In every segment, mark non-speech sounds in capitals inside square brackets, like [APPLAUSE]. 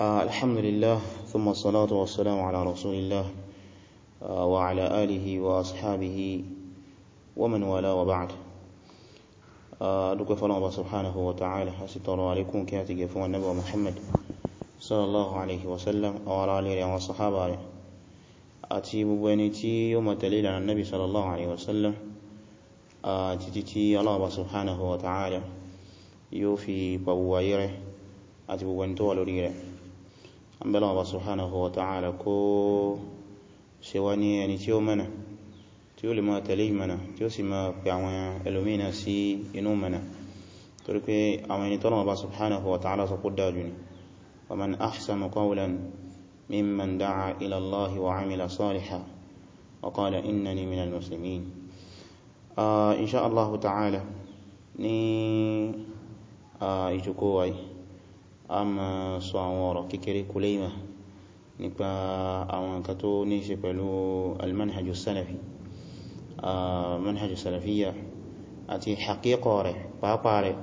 آه، الحمد لله ثم الصلاة والسلام على رسول الله آه، وعلى آله وأصحابه ومن ولا وبعد آه، دكفر الله سبحانه وتعالى ستر عليكم كاتك فهو النبو محمد صلى الله عليه وسلم وعلى آله وصحابه أتيب بنتي يوم تليل عن النبي صلى الله عليه وسلم تتتي الله سبحانه وتعالى يوفي بوائره أتيب بنتو ولوريره àbẹ́lá ọba subhanahu wa ta'ala kó ṣe wá ní ẹni tí ó mẹ́nà tí ó lè ma tẹ̀lé mana tí ó sì máa pè àwọn ẹlòmínà sí inú mana torí pé àwọn ẹni tọ́lọ̀ ọba subhanahu wa ta'ala sọ kudda dájú ni wa man ahsana qawlan mimman da'a ila allah wa 'amila salihan wa qala innani minal muslimin insha Allah ta'ala ni ìjókòó wáyìí a ma sọ àwọn ọ̀rọ̀ kékeré kuleima nípa àwọn nǹkan tó ní ṣe pẹ̀lú almanhajjú salafi manhajjú salafiyya àti haqiqọ rẹ̀ pàápàá rẹ̀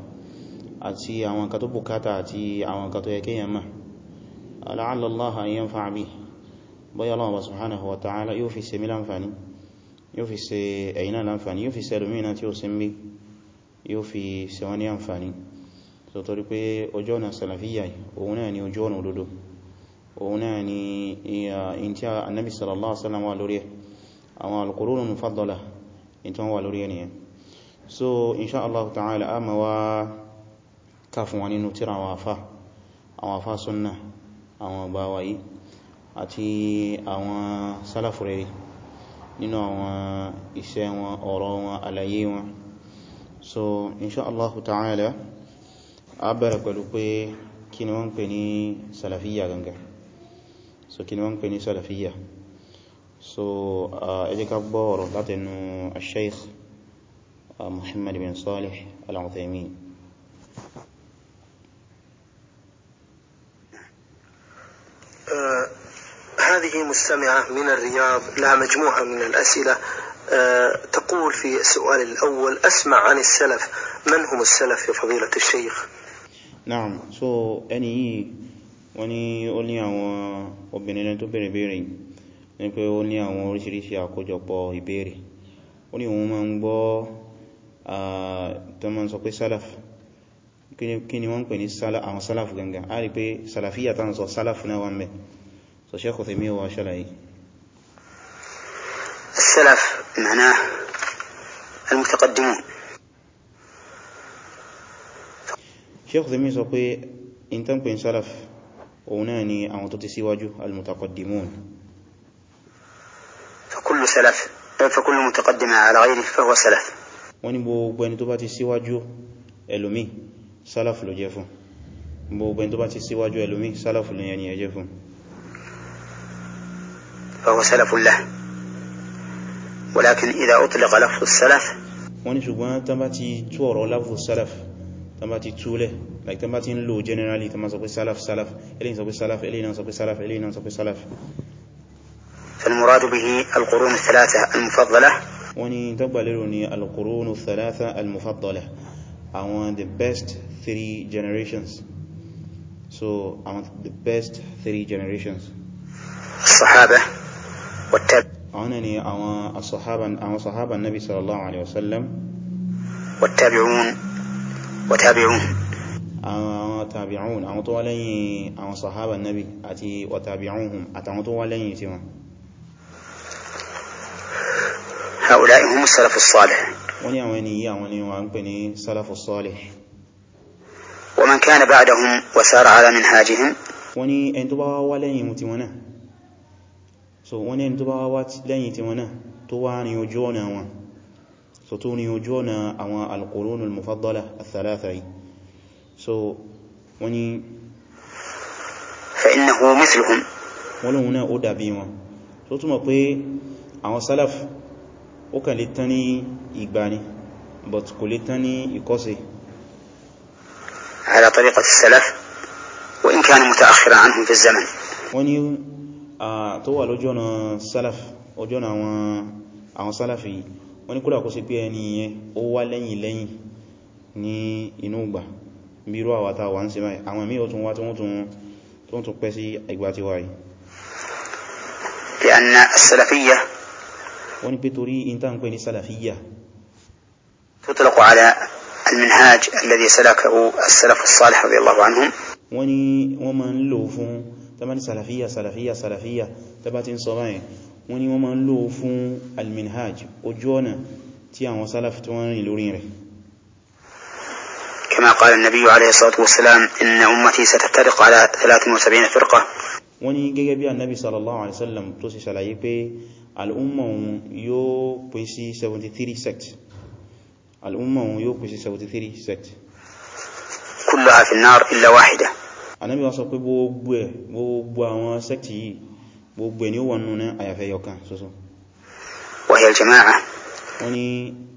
àti àwọn nǹkan tó bukata àti àwọn nǹkan tó yẹ kéèyàn mọ̀ la'alla Allaha an yanfa'a bihi bóyá Allah subhanahu wa ta'ala yóò fi ṣe mí láǹfàní yóò fi ṣe ẹ̀yin náà yóò fi ṣe ẹlòmíràn tí ó sin bí yóò fi ṣe wọ́n ní àǹfàní so torí pé ojú ọ̀nà salafiyya òun náà ni ojú ọ̀nà òdodo òun náà ni in tí annabi sallallahu alaihi wasallam wà lórí ẹ̀ àwọn al-qurunul mufaddala in tí wọ́n wà lórí ẹ̀ nìyẹn so insha Allah ta'ala a ma wá ká fún wa nínú tíra àwọn afá àwọn sunna àwọn ọba àti àwọn sálàfù nínú àwọn iṣẹ́ wọn ọ̀rọ̀ wọn àlàyé wọn so insha Allah ta'ala a bẹ̀rẹ̀ pẹ̀lú pé kí ni wọ́n pè ní sàlàfíyà gangan so kí ni wọ́n pè ní sàlàfíyà so ẹ jẹ́ ká gbọ́ ọ̀rọ̀ látẹnu al-Shaykh Muhammad bin Salih al هذه مستمعة من الرياض لها مجموعة من الأسئلة تقول في السؤال الأول أسمع عن السلف من هم السلف يا فضيلة الشيخ؟ naam so ẹni yìí wọ́n ní ó ní àwọn obìnrin tó bèèrè bèèrè ní pé ó ní àwọn oríṣiríṣi àkójọpọ̀ ìbéèrè ó ní òun máa ń gbọ́ tó máa ń sọ pé salaf kí ni wọ́n pè ní àwọn salaf gangan a rí pé salafiyya tán sọ salaf náà wà mẹ́ so Shaykh Uthaymeen wa ṣàlàyé السلف معناه المتقدمون sheikh zemi sọ pé in tán pín salaf òun náà ni àwọn tó ti síwájú al فكل سلف فكل متقدم على غيره فهو سلف wọ́n ni gbogbo ẹni tó bá ti síwájú ẹlòmí salaf ló jẹ́ fún gbogbo ẹni tó bá ti síwájú ẹlòmí salaf ló yẹni ẹjẹ́ fún فهو سلف له ولكن إذا أطلق لفظ السلف wọ́n ni ṣùgbọ́n tán bá ti tó ọ̀rọ̀ lafz salaf tán bá ti túlẹ̀ like tán bá ti ń lò generally tán bá sọ pé salaf salaf eléyìn sọ pé salaf eléyìn náà sọ pé salaf eléyìn náà sọ pé salaf فالمراد به القرون الثلاثة المفضلة wọ́n ní dọ́gba lérò ní al-qurun al-thalatha al-mufaddalah àwọn the best three generations so àwọn the best three generations sahaba àwọn ni àwọn sahaban nabi sallallahu alaihi wasallam والتابعون wa tabi'un àwọn tabi'un àwọn tó wá lẹ́yìn àwọn sahaba nabi àti wa tabi'unhum àtàwọn tó wá lẹ́yìn tí wọn haula'i hum salafu salih wọ́n ní àwọn ẹni yìí àwọn ni wọ́n ń pè ní salafu wọ́n ní ẹni tó bá wá lẹ́yìn mu so wọ́n ní ẹni tó bá wá lẹ́yìn náà so tó ní ojú ọ̀nà àwọn al-qurun al-mufaddala al-thalatha yìí so wọ́n ni fa'innahu mithluhum wọ́n lóhun náà ó dàbí wọn so túnmọ̀ pé àwọn salaf ó kà lè tán ní ìgbani but kò lè tán ní ala tariqati salaf wa in kana muta'akhkhiran anhum fi az-zaman wọ́n ni tó wà lójú ọ̀nà salaf ojú ọ̀nà àwọn salafi wọ́n ní kódà kó pé ẹni yẹn ó wá lẹ́yìn lẹ́yìn ní inú ìgbà bí irú àwa wà ń ṣe báyìí àwọn míì ó wá tí wọ́n tún pẹ́ sí ìgbà tí wà yìí لأن السلفية wọ́n ní pé torí تطلق على المنهاج الذي سلكه السلف الصالح رضي عنهم wọ́n ní wọ́n máa ń lò fún tàbí wọ́n ní wọ́n ma ń lò fún alminhaj ojú ọ̀nà tí àwọn sálàf tí wọ́n rìn lórí rẹ̀ كما قال النبي عليه الصلاة والسلام إن أمتي ستفترق على 73 فرقة wọ́n ní gẹ́gẹ́ bí annabi sallallahu alaihi wasallam tó sì ṣàlàyé pé al'umma yóò pín 73 sect al'umma òun yóò pín annabi wá sọ pé gbogbo àwọn sect yìí gbogbo ẹni ó wà nínú àyàfẹ́ yọkan ṣoṣo wàhíl jama'a wọ́n ni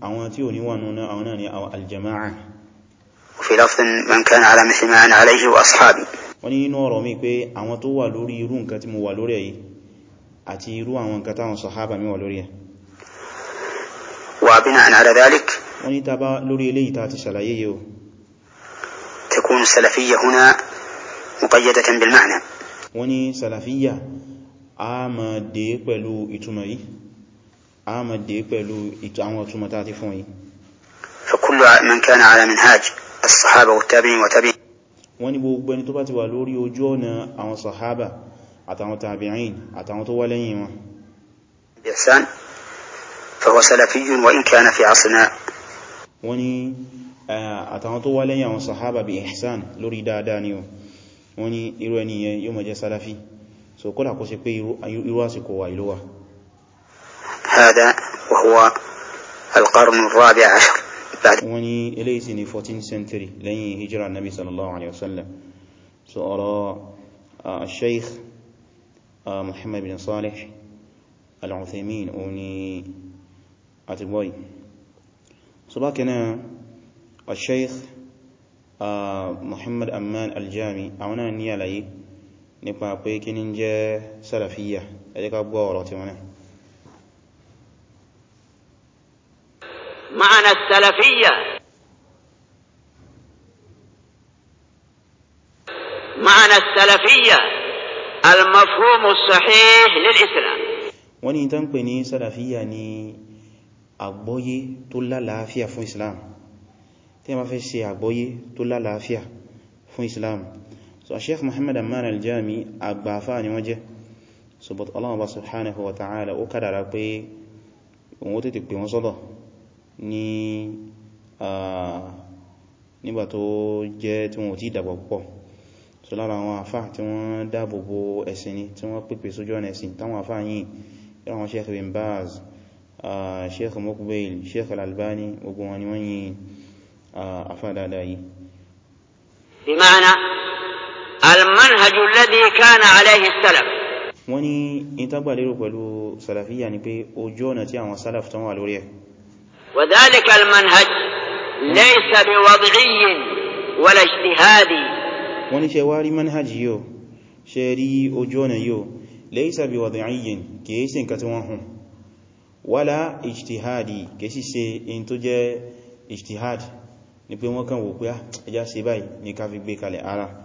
àwọn tí ò ní wà nínú àwọn náà ni àwọn aljama'a fi lafdin man kana ala mithli ma ana alayhi wa ashabi wọ́n ni inú ọ̀rọ̀ mi pé àwọn tó wà lórí irú nǹkan tí mo wà a ma dé pẹ̀lú ìtumọ̀ yìí a ma dé pẹ̀lú àwọn ìtumọ̀ tàà fún yìí فكل من كان على منهاج الصحابة والتابعين وتابعين wọ́n ní gbogbo ẹni tó bá ti wà lórí ojú ọ̀nà àwọn sàhábà àtàwọn tàbí'in àtàwọn tó wá lẹ́yìn wọn بإحسان فهو سلفي وإن كان في عصرنا wọ́n ní àtàwọn tó wá lẹ́yìn àwọn sàhábà بإحسان lórí dáadáa ni wọ́n ní irú ẹni yẹn yóò máa jẹ́ sàláfí so kódà kó ṣe pé irú àsìkò wà ìlú wa hada wa huwa al-qarn ar wọ́n ní eléyìí sí ní 14th century lẹ́yìn hijira nabi sallallahu alaihi wasallam so ọ̀rọ̀ sheikh muhammad bin salih al-uthaymin o ni àti gbọ́yì so bákanáà sheikh muhammad amman al-jami àwọn náà ní àlàyé nípa pé kí ní jẹ́ sàràfíyà ẹ ká gbọ́ ọ̀rọ̀ tí wọ́n náà معنى السلفية معنى السلفية المفهوم الصحيح للإسلام wọ́n ni tán pè ní sàràfíyà ni àgbọ́yé tó lálàáfíà fún Islam tí a máa fẹ́ ṣe àgbọ́yé tó lálàáfíà fún Islam so a sheikh muhammad amman aljami agbafa ni wọ́n jẹ́ so but Allah wa subhanahu wa ta'ala ó kádàrá pé òun ó tètè pè wọ́n sọ́dọ̀ ní nígbà tó jẹ́ tí wọ́n ti dàgbà púpọ̀ so lára àwọn àfá tí wọ́n dáàbò bo ẹ̀sìn ni tí wọ́n pèpè sójú ọ̀nà ẹ̀sìn táwọn àfá yìí yíra wọn sheikh bin baz sheikh mokbel sheikh al gbogbo wọn ni wọ́n yìí àfá dáadáa yìí المنهج الذي كان عليه السلف wọ́n ní ìtagbà lérò pẹ̀lú sàlàfíyà ni pé ojú ọ̀nà tí àwọn sálàf tán wà lórí ẹ̀ وذلك المنهج ليس بوضعي ولا اجتهادي wọ́n ní ṣe wá rí manhaj yóò ṣe rí ojú ọ̀nà yóò ليس بوضعي kìí sí nǹkan tí wọ́n hùn wala ijtihadi kìí sí ṣe in tó jẹ́ ijtihad ni pé wọ́n kàn wò pé ah, ẹjá ṣe báyìí ní ká fi gbé kalẹ̀ ara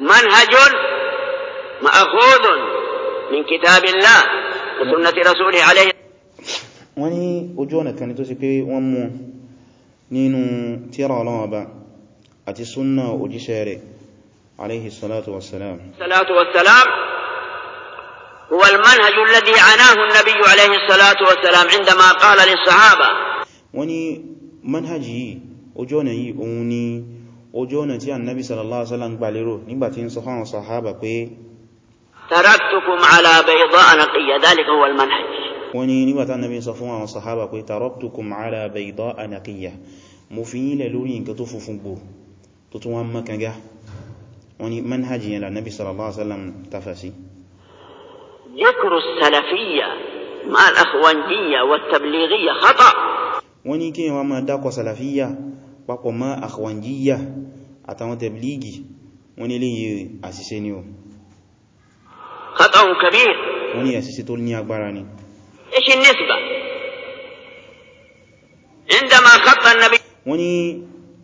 منهج مأخوذ من كتاب الله وسنة رسوله عليه وني وجونا كان توسي ومو نينو تيرا لابا اتي سنة وجشاري عليه الصلاة والسلام الصلاة والسلام هو المنهج الذي عناه النبي عليه الصلاة والسلام عندما قال للصحابة وني منهجي وجونا يي اوني ojú ọ̀nà tí annabi sallallahu alaihi wasallam gbà lérò nígbàtí ń sọ fáwọn sahaba pé taraktukum ala bayda'a naqiyya dhalika huwa al-manhaj wọ́n ní nígbàtí annabi sọ fún àwọn sahaba pé taraktukum ala bayda'a naqiyya mo fi lẹ̀ lórí nǹkan tó funfun gbò tó tún wọ́n makanga wọ́n ní manhaj yẹn la annabi sallallahu alaihi wasallam tafasi dhikru salafiyya ma al-akhwaniyya tablighiyya khata wọ́n ní kí wọ́n máa dákọ̀ salafiyya papọ̀ mọ́ àkọwàndíyà àtàwọn tẹ̀blígì wọ́n ní eléyìí àṣìṣe ni o khata'un kabir wọ́n ní àṣìṣe tó ní agbára ni النسبة عندما خط النبي wọ́n ní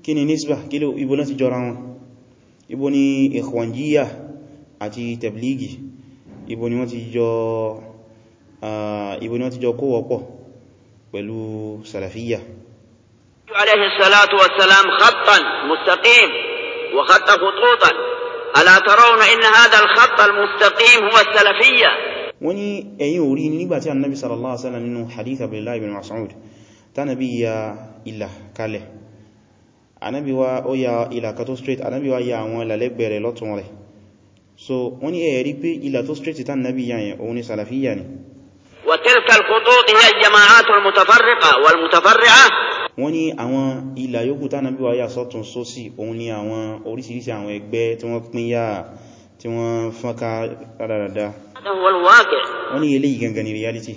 kí ni nisba kí ló ibo lọ́n ti jọra wọn ibo ni ikhwanjiya àti tẹ̀blígì ibo ni wọ́n ti jọ ah, ibo pẹ̀lú salafiya عليه الصلاة والسلام خطا مستقيم وخط خطوطا ألا ترون إن هذا الخط المستقيم هو السلفية wọ́n ní ẹ̀yin orí ní nígbàtí annabi sallallahu alaihi wasallam nínú hadith abdullahi ibn mas'ud tánàbí ya ìlà kalẹ̀ anábi wa ó ya ìlà ka straight anábi wa ya àwọn ìlàlẹ́gbẹ̀rẹ̀ lọ́tún rẹ̀ so wọ́n ní ẹ̀rí pé ìlà tó straight tánàbí ya yẹn òun ni salafiyya ni وتلك الخطوط هي الجماعات المتفرقة والمتفرعة wọ́n ní àwọn ìlà yòókù tánàbí wáyà sọ́tún sósì òun ni àwọn orísìírísìí àwọn ẹgbẹ́ tí wọ́n pín yà tí wọ́n fọ́nká rárára wọ́n ní eléyìí gangan ni reality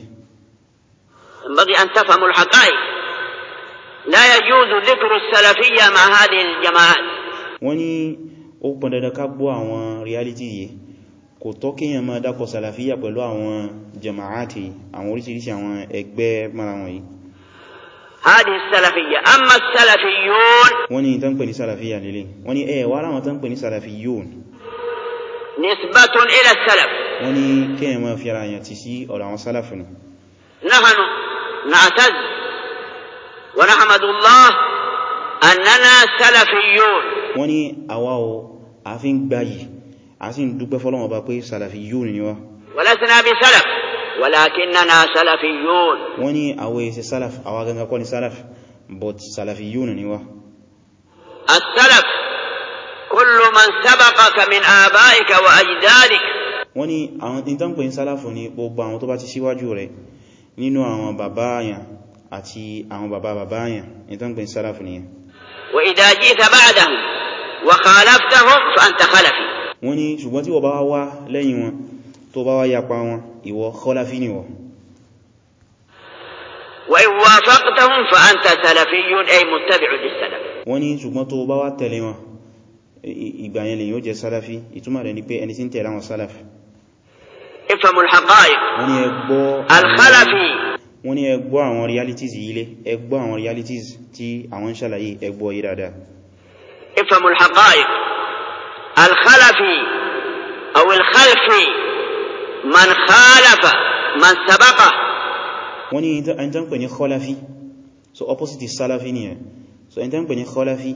لا يجوز ذكر السلفية مع هذه الجماعات wọ́n ní ó pọn dandan ká gbọ́ àwọn reality yìí kò tọ́ kíyàn máa dákọ̀ sàlàfíyà pẹ̀lú àwọn jama'ati àwọn orísìírísìí àwọn ẹgbẹ́ mara wọn هذه السلفية أما السلفيون وني تنقل سلفية للي وني ايه ولا ما تنقل سلفيون نسبة إلى السلف وني كما في رايتي أو لعن سلفنا نحن نعتز ونحمد الله أننا سلفيون وني أواو أفين باي أفين دوبة فلما باقي سلفيون ولسنا بسلف walakinna salafiyun wọ́n ní àwọn èsì salaf àwọn gangan kọ́ ni salaf but salafiyun ni wá as-salaf kullu man sabaqaka min abaika wa ajdadik wọ́n ní àwọn ìtàn pè ní salafu ni gbogbo àwọn tó bá ti síwájú rẹ̀ nínú àwọn bàbá àyàn àti àwọn bàbá bàbá àyàn ìtàn pè ní salafu ni wa idha jita ba'dahum wa khalaftahum fa anta khalafi wọ́n ṣùgbọ́n tí wọ́n bá wá lẹ́yìn wọn tó bá wá yapa wọn ìwọ khalafi ni wọ wa in wafaqtahum fa anta salafiyyun ay muttabi'un lis-salaf wọ́n ní ṣùgbọ́n tó bá wá tẹ̀lé wọn ìgbà lè yóò jẹ́ sálàfí ìtumọ̀ rẹ̀ ni pé ẹni tí ń tẹ̀lé àwọn sálàfí wọ́n ní ẹ àwọn realities yìí lé àwọn realities tí àwọn ń ṣàlàyé ẹ gbọ́ الخلفي. dáadáa ifhamu man khalafa man sabaqa wọ́n ní ẹni tán pè khalafi so opposite is salafi ni so ẹni tán pè ní khalafi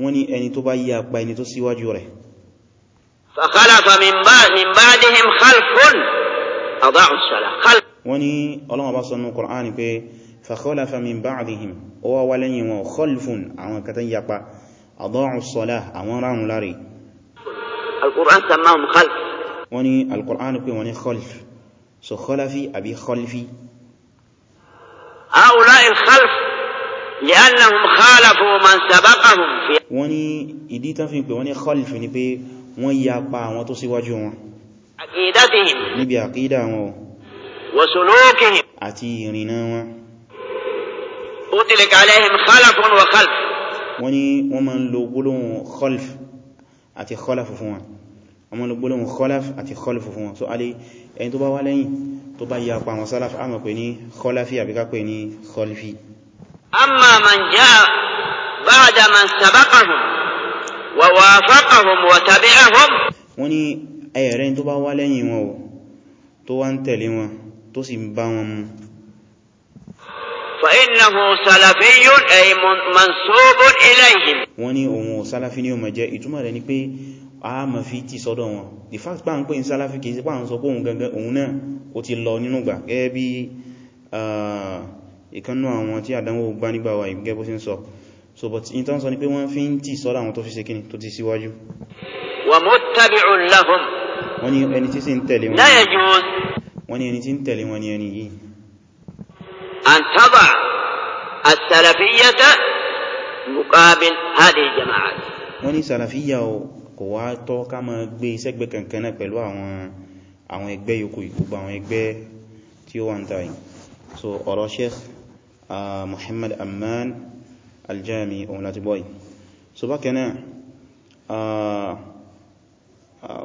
wọ́n ní ẹni tó bá yí apá ẹni tó síwájú rẹ̀ fa khalafa min ba'dihim khalfun adha'u as-salah wọ́n ní Ọlọ́run bá sọ nínú Qur'an pé fa khalafa min ba'dihim ó wá wá lẹ́yìn wọn khalfun àwọn katan yapa adha'u salah àwọn ráhùn láre al-Qur'an samahum khalf wọ́n ní alkùránù pé wọ́n ní khalf so khalafi àbí khalfi هؤلاء الخلف لأنهم خالفوا من سبقهم في wọ́n ní ìdí tán fi pè wọ́n ní khalf ni pé wọ́n ya pa àwọn tó síwájú wọn عقيدتهم níbi àkídà wọn àti ìrìnà wọn wọ́n ní wọ́n ma ń lo gbólóhùn khalf àti khalf fún wọn àwọn olùgbólóhùn kholaf àti kholifu fún wọn so alé ẹni tó bá wá lẹ́yìn tó bá yà pa àwọn salaf a mọ̀ pé ní kholafi àbíká pé ní kholifi amma man jaa ba'da man sabaqahum wa wafaqahum wa tabi'ahum wọ́n ní ẹ̀rẹ́ tó bá wá lẹ́yìn wọn o tó wá ń tẹ̀lé wọn tó sì ń bá wọn mu wọ́n ní ohun salafi ni ó máa jẹ́ ìtumọ̀ rẹ̀ ni pé a ma fi tí sọ́dọ̀ wọn the fact pa n pè ní sálàfí kìí sí pa n sọ pé òun gangan òun náà ó ti lọ nínú gbà gẹ́gẹ́ bí ìkannú àwọn tí àdánwò gbá nígbà wa ìgbẹ́ bó sí ń sọ so but in tán sọ ni pé wọ́n fi ń tí sọ́dọ̀ àwọn tó fi ṣe kíni tó ti síwájú wọ́n ni ẹni o kò wá tọ́ ká má gbé sẹ́gbẹ̀ kankan náà pẹ̀lú àwọn ẹgbẹ́ yòókù gbogbo àwọn ẹgbẹ́ tí ó wà ń tàyí so ọ̀rọ̀ sheikh Muhammad Amman Al-Jami ohun láti bọ́ yìí so bákanáà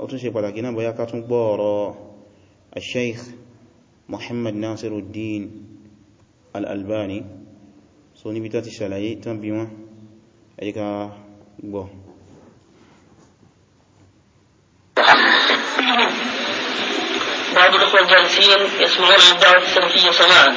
ó tún ṣe pàtàkì náà bóyá ká tún gbọ́ ọ̀rọ̀ sheikh Muhammad Nasiruddin al so níbi tá ti ṣàlàyé tán bí wọ́n ẹ̀yíká gbọ́ الإخوة الجالسين يسمعون عن الدعوة السلفية سماعا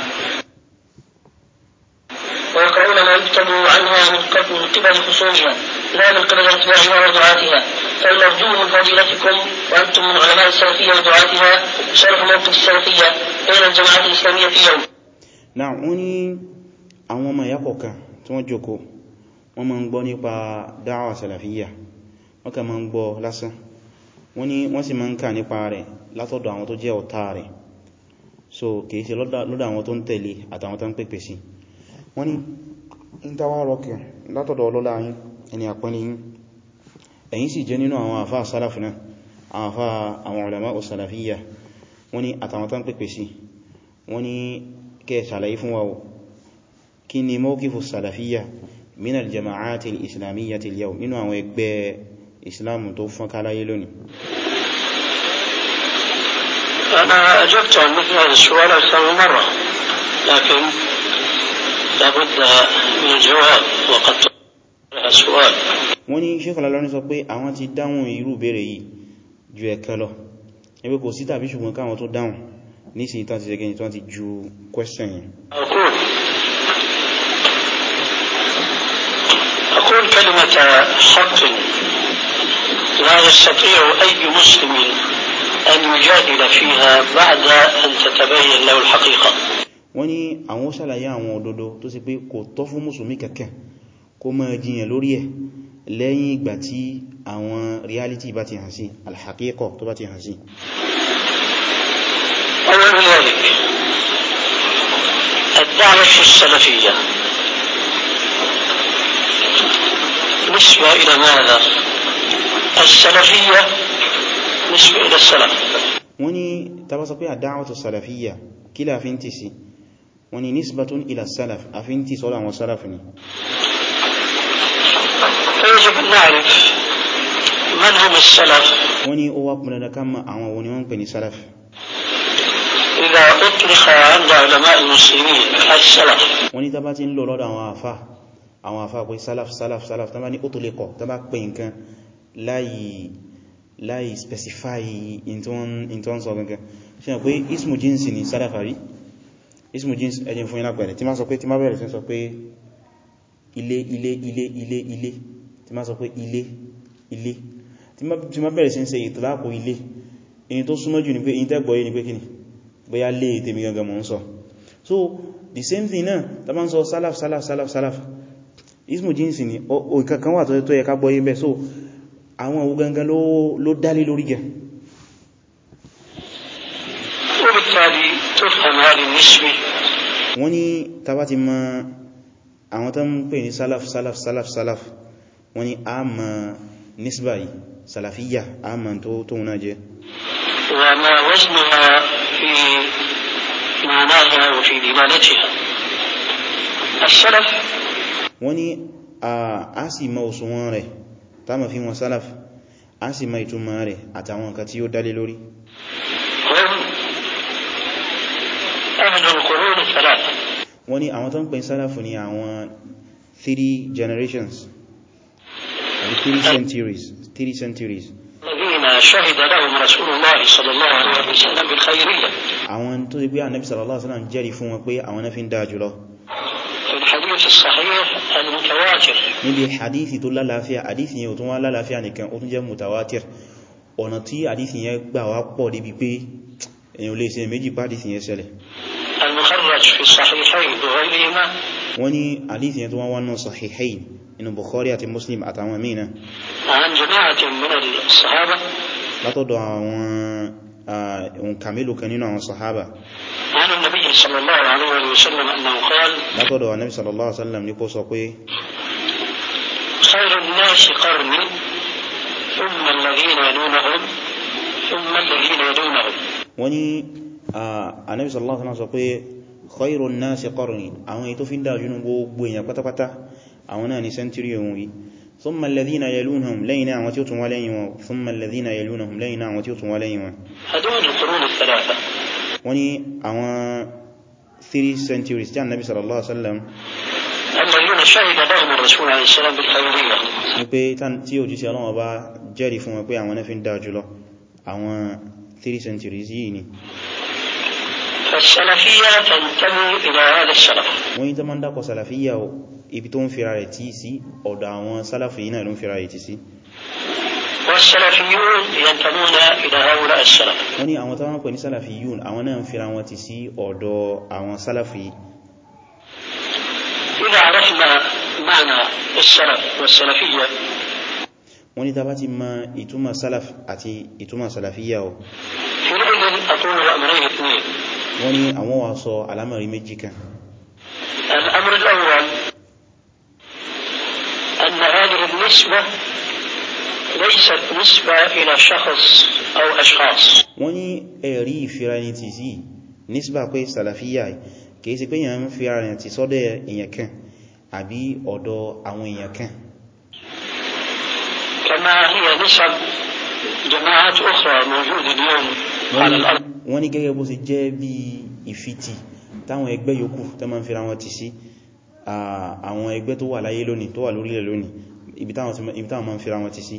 ويقرؤون ما يكتبوا عنها من قبل قبل خصومها لا من قبل أتباعها ودعاتها فإن فالمرجو من فضيلتكم وأنتم من علماء السلفية ودعاتها شرح موقف السلفية بين الجماعات الإسلامية اليوم نعم أني àwọn ọmọ ìyá kọ̀ọ̀kan tí wọ́n jókòó wọ́n ma ń gbọ́ nípa dáwà sàlàfíyà wọ́n kà ma ń gbọ́ lásán wọ́n ni wọ́n sì ma ń kà nípa rẹ̀ látọ̀dọ̀ àwọn tó jẹ́ ọ̀tá rẹ̀ so kìí ṣe lọ́dọ̀ àwọn tó ń tẹ̀lé àtàwọn tó ń pèpè sí wọ́n ni ń tàwà rọ́kẹ̀ látọ̀dọ̀ ọlọ́lá yín ẹni àpẹni yín ẹ̀yin sì jẹ́ nínú àwọn àfá sálàfì náà àwọn àfá àwọn ulama salafiyya wọ́n ni àtàwọn tó fún wa kí islam tó fọ́nká láyé lónìí أنا أجبت عن مثل هذا السؤال أكثر من مرة لكن لابد من الجواب وقد لها سؤال wọ́n ní Sheikh Al-Albani sọ pé àwọn ti dáhùn irú ìbéèrè yìí ju ẹ̀kan lọ ẹgbẹ́ kò sí tàbí ṣùgbọ́n káwọn tó dáhùn ní sí ìtàn ti ṣe gẹ́ni tó ti ju question yìí أقول كلمة حق لا يستطيع أي مسلم يجادل فيها بعد أن تتبين له الحقيقة wọ́n ní àwọn ó ṣàlàyé àwọn òdodo tó sì pé kò tọ́ fún mùsùlùmí kẹ̀kẹ́ kó máa jiyàn lórí ẹ̀ lẹ́yìn ìgbà tí àwọn reality bá ti hàn sí alhaqiqo tó bá ti hàn sí الدعوة السلفية نسبة إلى ماذا السلفية nisbu ila salaf wọ́n ní tàbá sọ pé àdáwàtò salafiyya kí la fi ń tì sí wọ́n ní nisbatun ila salaf a fi ń tì sọ́lọ̀ àwọn salaf ni wọ́n ní ó wá pínlẹ̀ dáká ma àwọn wọn ni wọ́n pè ní salaf wọ́n ní tàbá ti ń lọ lọ́dọ̀ àwọn àfá àwọn àfá pé salaf salaf salaf tàbá ní ó tó lè kọ̀ tàbá pè nǹkan láyìí láì specify in tó ń sọ gangan ṣe pé ismu jinsi ni sálàfàrí ismu jinsi ẹjìn fún ìlà pẹ̀lẹ̀ tí má sọ pé tí má bẹ̀rẹ̀ sí sọ pé ilé ilé ilé ilé ilé tí má sọ pé ilé ilé tí má bẹ̀rẹ̀ sí ṣe ìtìlápò ilé èyí tó súnmọ́ jù ní pé ìtẹ́gbọ̀ ni pé kíni bóyá lè tèmi gangan mọ́ ń sọ so the same thing náà ta bá ń sọ salaf salaf salaf salaf ismu jinsi ni o kankan wà tó yẹ ká gbọ́ yìí bẹ́ so àwọn òwú gangan ló dálé lórí jẹ wọ́n ní tàbá ti ma àwọn tó ń pè ní salaf salaf salaf salaf wọ́n ní a ma nisba yìí salafiyya a ma tó tóun náà jẹ́ wọ́n ní a sì ma òsùnwọ́n rẹ̀ táàmà fi wọn sálàf a sì ma ìtumọ̀ rẹ̀ àtàwọn nǹkan tí ó dálé lórí wọ́n ní àwọn tó ń pè sálàfù ní àwọn three generations àbí three centuries three centuries àwọn tó ti pé ànábì sallallahu alaihi wasallam jẹ́rìí fún wọn pé àwọn náà fi ń dáa jùlọ níbi hadithi tó lálàáfíà hadithi yẹn ò tún wá lálàáfíà nìkan ó tún jẹ́ mutawatir ọ̀nà tí hadithi yẹn gbà wá pọ̀ débi pé èyàn lè ṣe méjì bá hadithi yẹn ṣẹlẹ̀ wọ́n ní hadithi yẹn tó wá wánà sahihain inú bukhari àti muslim àtàwọn mìíràn látọ̀dọ̀ àwọn النبي صلى الله عليه وسلم أنه قال نقول عن النبي صلى الله عليه وسلم يقول صقوي خير الناس قرني ثم الذين يلونهم ثم الذين يلونهم وني النبي صلى الله عليه وسلم صقوي خير الناس قرني àwọn èyí tó fi ń dájú ní gbogbo èèyàn pátápátá àwọn náà ni sẹ́ntírì ohun yìí ثم الذين يلونهم لينا àwọn tí ó tún wá lẹ́yìn wọn ثم الذين يلونهم لينا àwọn tí ó tún wá lẹ́yìn wọn هذول القرون الثلاثة wọ́n ní àwọn 3 centuries tí annabi sallallahu alaihi wasallam wípé tí òjíṣẹ́ ọlọ́wọ́ bá jẹ́rì fún wọn pé àwọn náà fi ń dá jùlọ àwọn 3 centuries yìí ni wọ́n yí tó máa ń dákọ̀ salafiyya ibi tó ń fira rẹ̀ tí sí ọ̀dọ̀ àwọn salafi náà ló ń fira rẹ̀ tí sí والسلفيون ينتمون إلى هؤلاء السلف wọ́n ní àwọn tàwọn pè ní salafiyun àwọn náà ń fira wọn ti sí ọ̀dọ̀ àwọn salafi عرفنا معنى السلف والسلفية wọ́n ní tàbá ti ma ìtumọ̀ salaf àti ìtumọ̀ salafiyya o wọ́n ní àwọn wà sọ alamari méjì kan الأمر الأول أن هذه النسبة ليست نسبة إلى شخص أو أشخاص wọ́n ní ẹ̀rí ìfira ẹni tì sí nísbà pé sàlàfíyà kìí sí pé èyàn ń fi ara ẹni tì sọ́dọ̀ èyàn kan àbí ọ̀dọ̀ àwọn èyàn kan كما هي نسب جماعات أخرى موجودة اليوم على الأرض wọ́n ní gẹ́gẹ́ bó ṣe jẹ́ bí ìfitì táwọn ẹgbẹ́ yòókù tó máa ń fira wọn tì sí àwọn ẹgbẹ́ tó wà láyé lónìí tó wà lórílẹ̀ lónìí ibi táwọn máa ń fira wọn tì sí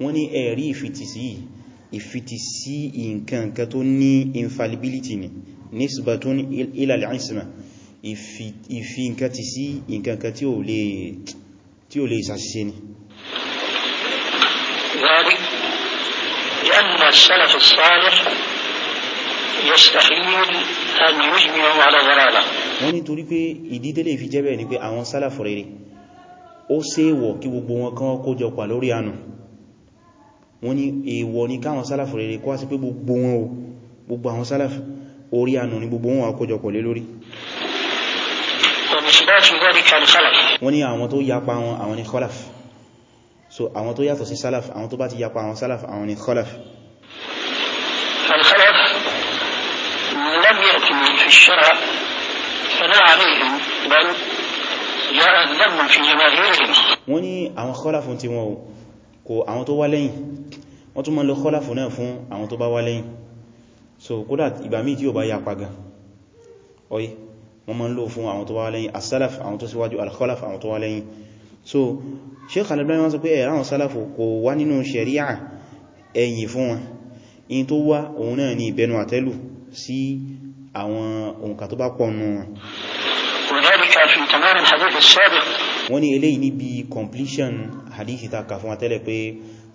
wọ́n ní ẹ̀rí ìfìtìsí ìfìtìsí nǹkankan tó ní infallibility ni nisbatun ila al-isma ìfi nǹkan ti tí ó lè ìsàṣíṣẹ́ ni wọ́n ní torí pé ìdí tẹ́lẹ̀ fi ni pé àwọn sálàfù rere ó ṣe èwọ̀ kí gbogbo wọn kan kó jọ pà lórí ànù wọ́n ní èwọ̀ ní káwọn sálàfù rere kó sí pé gbogbo wọn o gbogbo àwọn sálàfù orí ànù ní gbogbo wọn àkójọpọ̀ lé lórí wọ́n ní àwọn tó yapa wọn àwọn ni khalaf so àwọn tó yàtọ̀ sí sálàf àwọn tó bá ti yapa àwọn sálàf àwọn ni khalaf lam ya'ti fi ash-shar'a wọ́n ní àwọn kọ́láfún tí wọ́n kò àwọn tó wá lẹ́yìn wọ́n tún máa lọ kọ́láfún náà fún àwọn tó bá wá lẹ́yìn so kódà ìgbà míì tí ó bá yapa gan oyi wọ́n máa ń lò fún àwọn tó wá lẹ́yìn as-salaf àwọn tó síwájú al àwọn tó wá lẹ́yìn so Sheikh Al-Albani wọ́n sọ pé ẹ̀rá àwọn sálàfù kò wá nínú ṣẹ̀ríà ẹ̀yìn fún ni ìbẹnu àtẹ́lù sí àwọn òǹkà tó ذكر في تمام الحديث السابق wọ́n ní eléyìí níbi completion hadithi ta kà fún àtẹ́lẹ̀ pé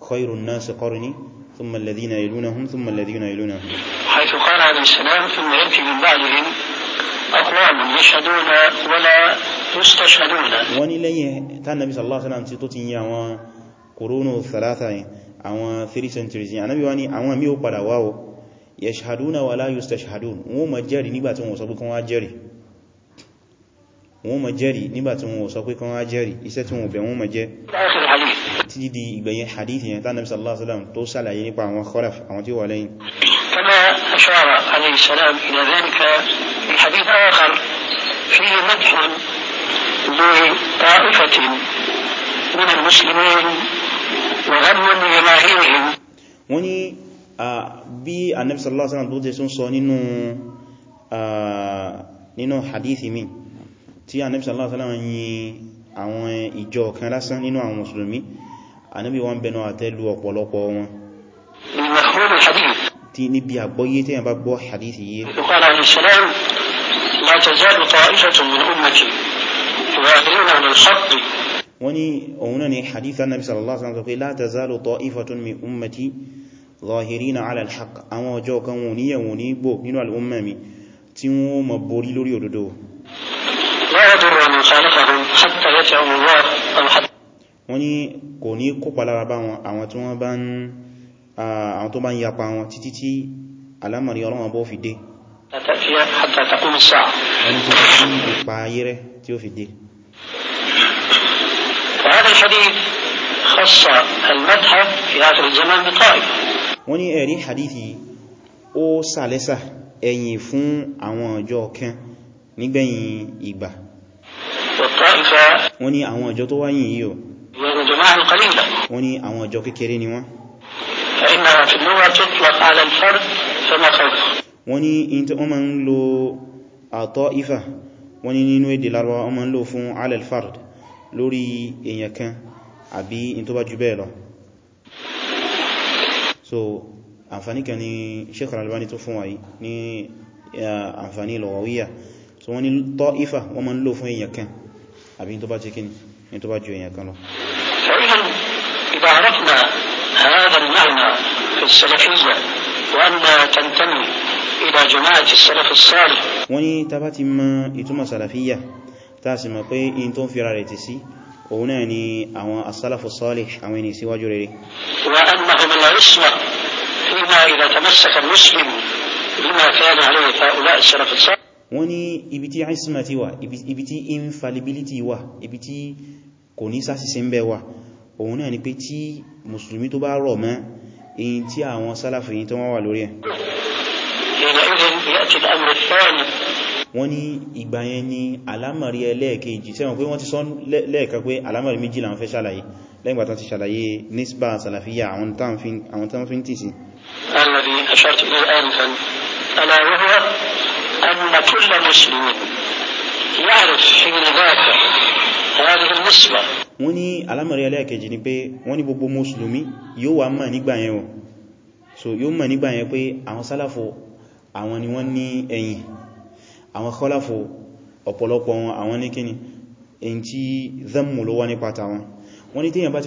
khairun nasi qarni thumma alladhina yalunahum thumma alladhina yalunahum حيث قال عليه السلام ثم يأتي من بعدهم أقوام يشهدون ولا يستشهدون wọ́n ní lẹ́yìn tá nàbí sallallahu alaihi wasallam tó ti yí àwọn kòrónù thalatha yìí àwọn 3 centuries yìí anábí wá ní àwọn mí ó padà wáwọ́ yashhaduna wala yustashhadun wọ́n ma jẹ́rì nígbàtí wọ́n sọ pé kán wá jẹ́rì wọ́n ma jẹ́rì nígbàtí wọ́n sọ pé kan wá jẹ́rì iṣẹ́ tí wọ́n bẹ̀ wọ́n ma jẹ́ títí di ìgbẹ̀yìn hadith yẹn tánàbí sallallahu alaihi wasallam tó sàlàyé nípa àwọn khalaf àwọn tí wà lẹ́yìn kama ashara wọ́n ní bí annabi sallallahu tó tẹ́ sọ nínú nínú hadithi min tí Ànábì sallallahu alaihi wasallam yin àwọn ìjọ kan lásán nínú àwọn mùsùlùmí Ànábì wọ́n bẹnu àtẹ́lù ọ̀pọ̀lọpọ̀ wọn tí níbi àgbọ́yé tí yàn bá gbọ́ hadith yìí wọ́n ní òun náà ni hadith Ànábì sallallahu alaihi wasallam pé la tazalu ta'ifatun min ummati zahirina ala al-haqq àwọn ọjọ́ kan wọn ní yẹ̀wọ̀n ní gbò nínú al'ummami tí wọ́n mọ̀ borí lórí òdodo لا يضر من حتى يتعم الله أو حتى wọ́n ní kò ní kópa lára bá wọn àwọn tí wọ́n bá ń àwọn tó bá ń yapa wọn títí tí alámàrí ọlọ́wọ́n bó fi dé ẹni tó fi ipa ayé rẹ̀ tí ó fi dé wọ́n ní ẹ̀rí hadithi ó sàlẹ́sà ẹ̀yìn fún àwọn ọjọ́ kan nígbẹ̀yìn ìgbà wọ́n ní àwọn ìjọ tó wáyìn yìí o wọ́n ní àwọn ìjọ kékeré ni wọ́n wọ́n ní in tí wọ́n ma ń lo àtọ́ ifá wọ́n ní nínú èdè Lárúbáwá wọ́n ma ń lò fún alelfard lórí èyàn kan àbí in bá jù bẹ́ẹ̀ lọ so àǹfàní kan ni Sheikh Al-Albani tó fún wa yìí eh, àǹfàní lọ́wọ́wíyà so wọ́n ní tọ́ ifá wọ́n ma ń lò fún èyàn kan àbí tó bá chikin ní tó bá ju èèyàn kan lọ إذا عرفنا هذا المعنى في السلفية وأنها تنتمي إلى جماعة السلف الصالح wọ́n ní ti mọ̀ ìtumọ̀ sàlàfíyà tàà sì mọ̀ pé in tó ń fi rárẹ̀ ti sí òun náà ni àwọn asálàfù sọ́lẹ̀ àwọn ènìyàn síwájú rere wa wọ́n ní ibi tí isma ti wà ibi tí infallibility wà ibi tí kò ní sásìsí ń bẹ wà òun náà ni pé tí mùsùlùmí tó bá rọ̀ mọ́ èyí tí àwọn sálàfì yìí tó wọ́n wà lórí ẹ̀ wọ́n ní ìgbà yẹn ni alámàrí ẹlẹ́ẹ̀kejì sẹ́wọ̀n pé wọ́n ti sọ lẹ́ẹ̀kan pé alámàrí méjì làwọn fẹ́ ṣàlàyé lẹ́yìn gbàtán ti ṣàlàyé nisba sàlàfíyà àwọn tán fi ń tì sí alladhi ashartu ilayhi أن كل مسلم يعرف حين ذاته هذه النسبة wọ́n ní alámọ̀rí ẹlẹ́ẹ̀kejì ni pé wọ́n ní gbogbo mùsùlùmí yóò wà mọ̀ nígbà yẹn o so yóò mọ̀ nígbà yẹn pé àwọn sálàfò àwọn ni wọ́n ní ẹ̀yìn àwọn kọ́láfò ọ̀pọ̀lọpọ̀ wọn àwọn ní kíni èyí tí zẹ́mù ló wá nípa tàwọn wọ́n ní tíyàn bá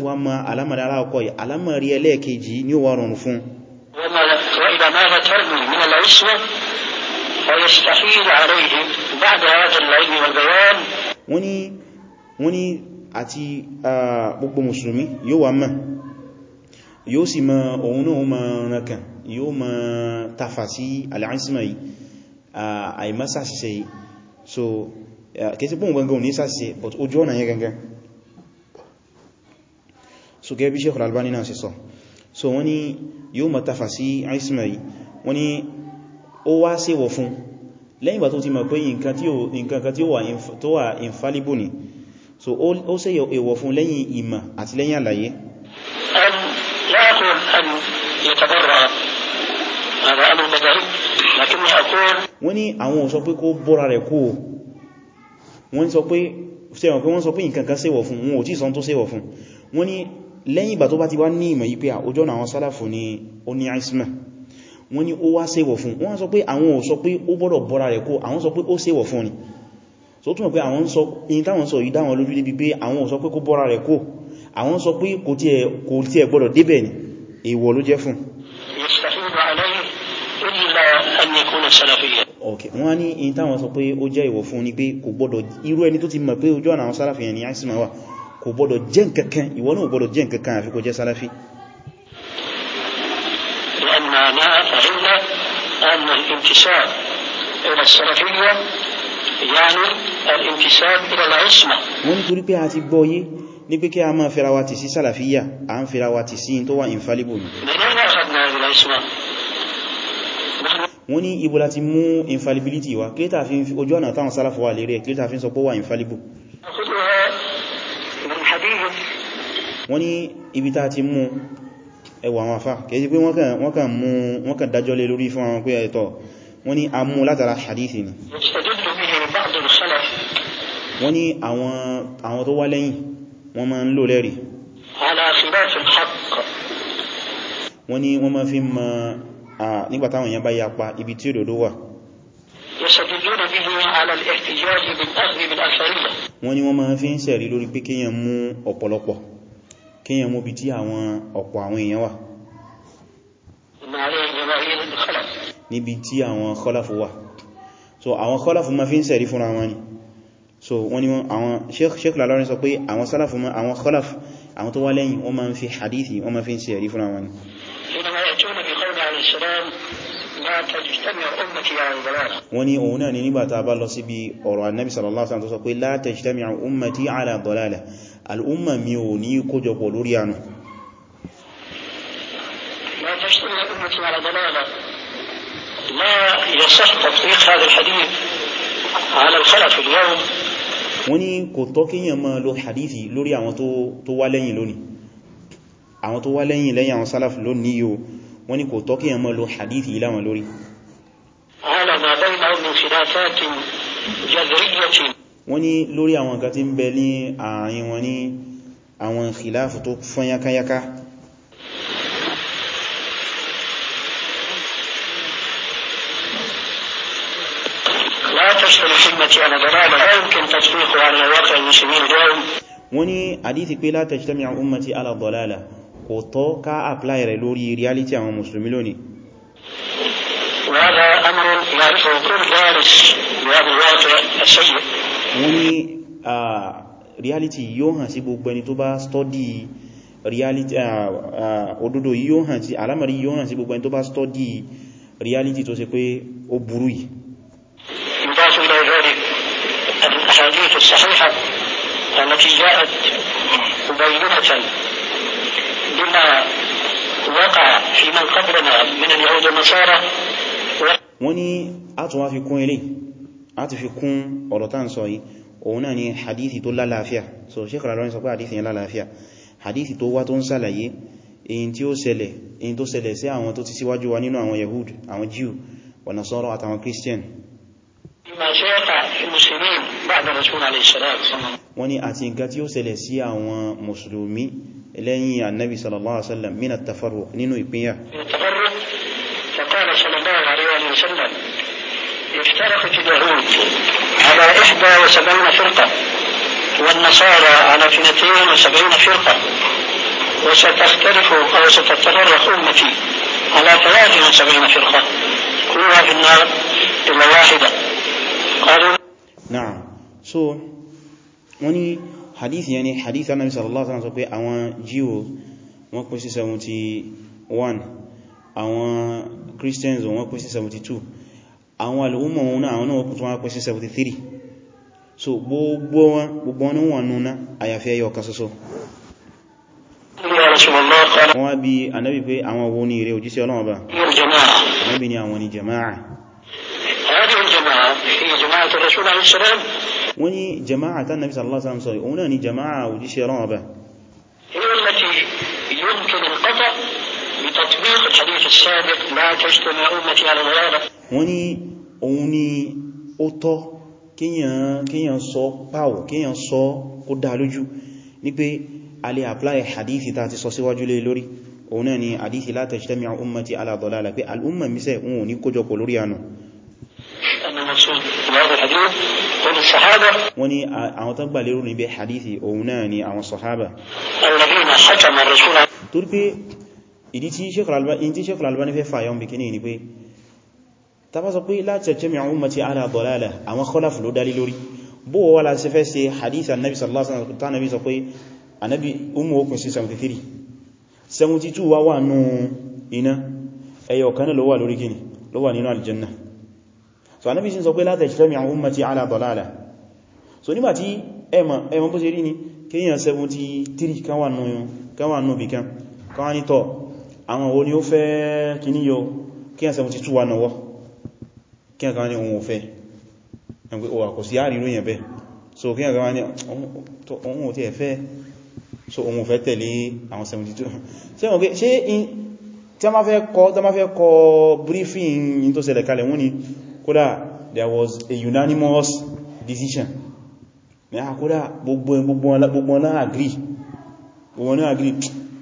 ويستحيل عليهم بعد هذا العلم والبيان وني وني wọ́n ní àti gbogbo mùsùlùmí yóò wà mọ̀ yóò sì mọ̀ òun náà mọ̀ rankan yóò mọ̀ tafà sí aláìsímọ̀ yìí àìmọ́ sàṣìṣẹ́ yìí so kẹsí pọ̀ gangan ní sàṣìṣẹ́ but ojú ọ̀nà yẹ gangan so gẹ́ bí Sheikh Al-Albani náà sì so wọ́n ní yóò mọ̀ tafà sí aláìsímọ̀ ó wá ṣèwọ̀ fún lẹ́yìn tó ti mọ̀ pé nǹkan tí ó wà infallible ni so ó ṣe èwọ̀ fún lẹ́yìn ìmọ̀ àti lẹ́yìn àlàyé wọ́n ní àwọn òsọ pé kó bọ́ra rẹ̀ kó wọ́n sọ pé sẹ́wọ̀n pé wọ́n sọ pé nǹkan kan ṣèwọ̀ fún wọn ò tí sọ́n tó ṣèwọ̀ fún wọ́n ní lẹ́yìn ìgbà tó bá ti wá ní ìmọ̀ yí pé àójọ́ àwọn sálàfù ni ó ní àìsímẹ̀ wọ́n ní ó wá ṣèwọ̀ fún wọ́n sọ pé àwọn ò sọ pé ó gbọ́dọ̀ bọ́ra rẹ̀ kó àwọn sọ pé ó ṣèwọ̀ fún ni so túnmọ̀ pé àwọn sọ in táwọn sọ yìí dáwọn lójú débi pé àwọn ò sọ pé kó bọ́ra rẹ̀ kó àwọn sọ pé kò tí ẹ gbọ́dọ̀ débẹ̀ ni èèwọ̀ ló jẹ́ fún okay wọ́n ní in táwọn sọ pé ó jẹ́ èèwọ̀ fún ni pé kò gbọ́dọ̀ irú ẹni ni àìsìmọ̀ wà kò gbọ́dọ̀ jẹ́ nǹkankan ìwọ náà gbọ́dọ̀ jẹ́ nǹkankan àfi أن الانتساب إلى السلفية يعني الانتساب إلى العصمة wọ́n torí pé a ti gbọ́yé ní pé kí a máa fẹ́ra wa tì sí sàlàfíyà a ń fẹ́ra wa tì sí tó wà infallible ní wọ́n ní ibo láti mú infallibility wa kí tàà fi ojú ọ̀nà táwọn sálàfọ́ wà lérí ẹ̀ kí tàà fi sọ pé wà infallible wọ́n ní ibi tàà ti mú ẹwà wọn afá kìí sí pé wọ́n kàn dájọ́ lé lórí fún àwọn pé ẹ̀tọ́ wọ́n ní a mú látara hadithi ni wọ́n ní àwọn tó wá lẹ́yìn wọ́n máa ń lò lẹ́rì wọ́n ní wọ́n máa fi ma nígbàtàwọn èèyàn bá yapa ibi tí òdòdó wà wọ́n ní wọ́n máa fi ń sẹ̀rí lórí pé kíyàn mú ọ̀pọ̀lọpọ̀ kíyàn mú bí tí àwọn ọ̀pọ̀ àwọn èèyàn wà níbi tí àwọn kọláfù wà so àwọn kọláfù ma fi ń sẹ̀rí fúnra wọn ni so wọ́n ni àwọn Sheikh Al-Albani sọ pé àwọn sálàfù ma àwọn kọláfù àwọn tó wá lẹ́yìn wọ́n ma fi hadithi wọ́n ma fi ń sẹ̀rí fúnra wọn ni wọ́n ni òun náà ni nígbàtà bá lọ síbi ọ̀rọ̀ annabi sallallahu alaihi wasallam tó sọ pé la tajtami'u al'umma mi ò ní kójọpọ̀ lórí ànà wọ́n ní kò tọ́ kíyàn máa lo hadithi lórí àwọn tó wá lẹ́yìn lónìí àwọn tó wá lẹ́yìn lẹ́yìn àwọn sálàf lónìí yóò wọ́n ní kò tọ́ kíyàn máa lo hadithi ìlàwọn lórí على ما بينهم من خلافات جذرية wọ́n ní lórí àwọn nǹkan tí ń bẹ ní àárín wọn ní àwọn khilafu tó fún yákáyáká wọ́n ní àdíti pé la tajtami'u ummati ala dalala kò tọ́ ká apply rẹ̀ lórí reality àwọn musulmi lónìí وهذا أمر يعرفه كل دارس بهذا wọ́n ní reality yóò hàn sí gbogbo ẹni tó bá study reality òdodo yóò hàn sí alamari yóò hàn sí gbogbo ẹni tó bá study reality tó se pé ó burú yìí الأحاديث wọ́n ní a tún wá fi kún eléyìí a ti fi kún ọ̀rọ̀ tá ń sọ yìí òun náà ni hadithi tó lálàáfíà so Sheikh Al-Albani sọ pé hadithi yẹn lálàáfíà hadithi tó wá tó ń sàlàyé èyí tí ó ṣẹlẹ̀ èyí tó ṣẹlẹ̀ sí àwọn tó ti síwájú wa nínú àwọn Yahud àwọn Jew wa Nasara àtàwọn Christian wọ́n ni àti nǹkan tí ó ṣẹlẹ̀ sí àwọn mùsùlùmí lẹ́yìn annabi sallallahu alaihi wasallam mina tafarruq nínú ìpínyà tafarruq faqala sallallahu افترقت اليهود على 71 فرقة والنصارى على 72 فرقة وستختلف أو ستتفرق أمتي على 73 فرقة كلها في النار إلا واحدة قالوا نعم so wọ́n ní hadith yẹn ni hadith annabi sallallahu alaihi wasallam sọ pé àwọn jíò wọ́n pín sí 71 àwọn christians wọ́n pín sí 72 àwọn alìwúmọ̀ wọn náà àwọn náà kùn tó wá pẹ́ sí 73 so gbogbo wọn gbogbo wọn wọn núna àyàfi ẹyọ kan ṣoṣo wọ́n wá bí anábi pé àwọn owó ní ire òjíṣẹ́ Ọlọ́run bá anábi ni àwọn ni jama'a wọ́n ni jama'a tán nabi sallallahu alaihi wasallam sọ òun náà ni jama'a òjíṣẹ́ Ọlọ́run السابق لا تجتمع أمتي على ضلالة wọ́n ní òun ni ó tọ́ kíyàn sọ pàwọ̀ kíyàn sọ kó dá lójú ní pé a lè apply hadithi ta ti sọ síwájú lé lórí òun náà ni hadithi la tajtami'u ummati ala pé al'umma misẹ́ òun ní kójọpọ̀ lórí ànà wọ́n ní àwọn tó gbà lérò níbẹ̀ hadithi òun náà ni àwọn sahaba ìdí tí Sheikh Al-Albani fẹ́ fàyọ́ bí kíní ni pé tàbá sọ pé láti ẹ̀kẹ́ mìíràn ummati ala dalala àwọn kọlàfù ló dálé lórí bó wọ́n la ṣe fẹ́ ṣe hadith annabi sallallahu alaihi wasallam tánàbí sọ pé annabi umu okun sí 73 72 wá wà nù iná ẹyọ kan ló wà lórí kíní ló wà nínú aljanna so annabi sin sọ pé láti ẹ̀kẹ́ mìíràn ummati ala dalala ni kíyàn àwọn wo ni ó fẹ́ kíní yọ kí a 72 wà náwọ́ kí a kàwọn ní ohun òfẹ́ ẹgbẹ́ òwà kò sí àrírò yẹn bẹ́ so kí a kàwọn ní ohun òtí ẹ̀fẹ́ so ohun òfẹ́ tẹ̀lé àwọn 72 ṣe tí a máa fẹ́ kọ briefing tó ṣẹlẹ̀ kalẹ̀ wọ́n ni kódà there was a unanimous decision ah,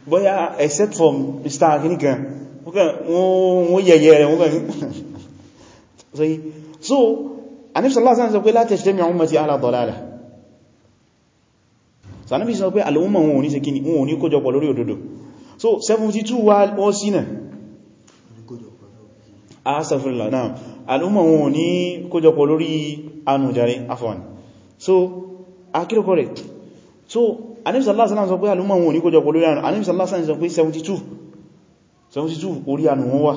bóyá except from Mr. kìníkan wọ́n yẹ̀yẹ̀ rẹ̀ wọ́n kàn sí [LAUGHS] so Ànábì sallallahu alaihi wasallam sọ pé la tajtami'u ummati ala dalalah so Ànábì sọ pé al'umma wọn ò ní ṣe kíni wọn ò ní kójọpọ̀ lórí òdodo so 72 wa wọ́n sínà astaghfirullah náà al'umma wọn ò ní kójọpọ̀ lórí anùjàre afọ́n so akílùkọ́ rẹ̀ so anibisa allah sallam sọ pé alúmọ̀ wọn ní kójọ pọ̀lú ìrànà anibisa allah sallam sọ pé 72 72 orí ànù wọn wá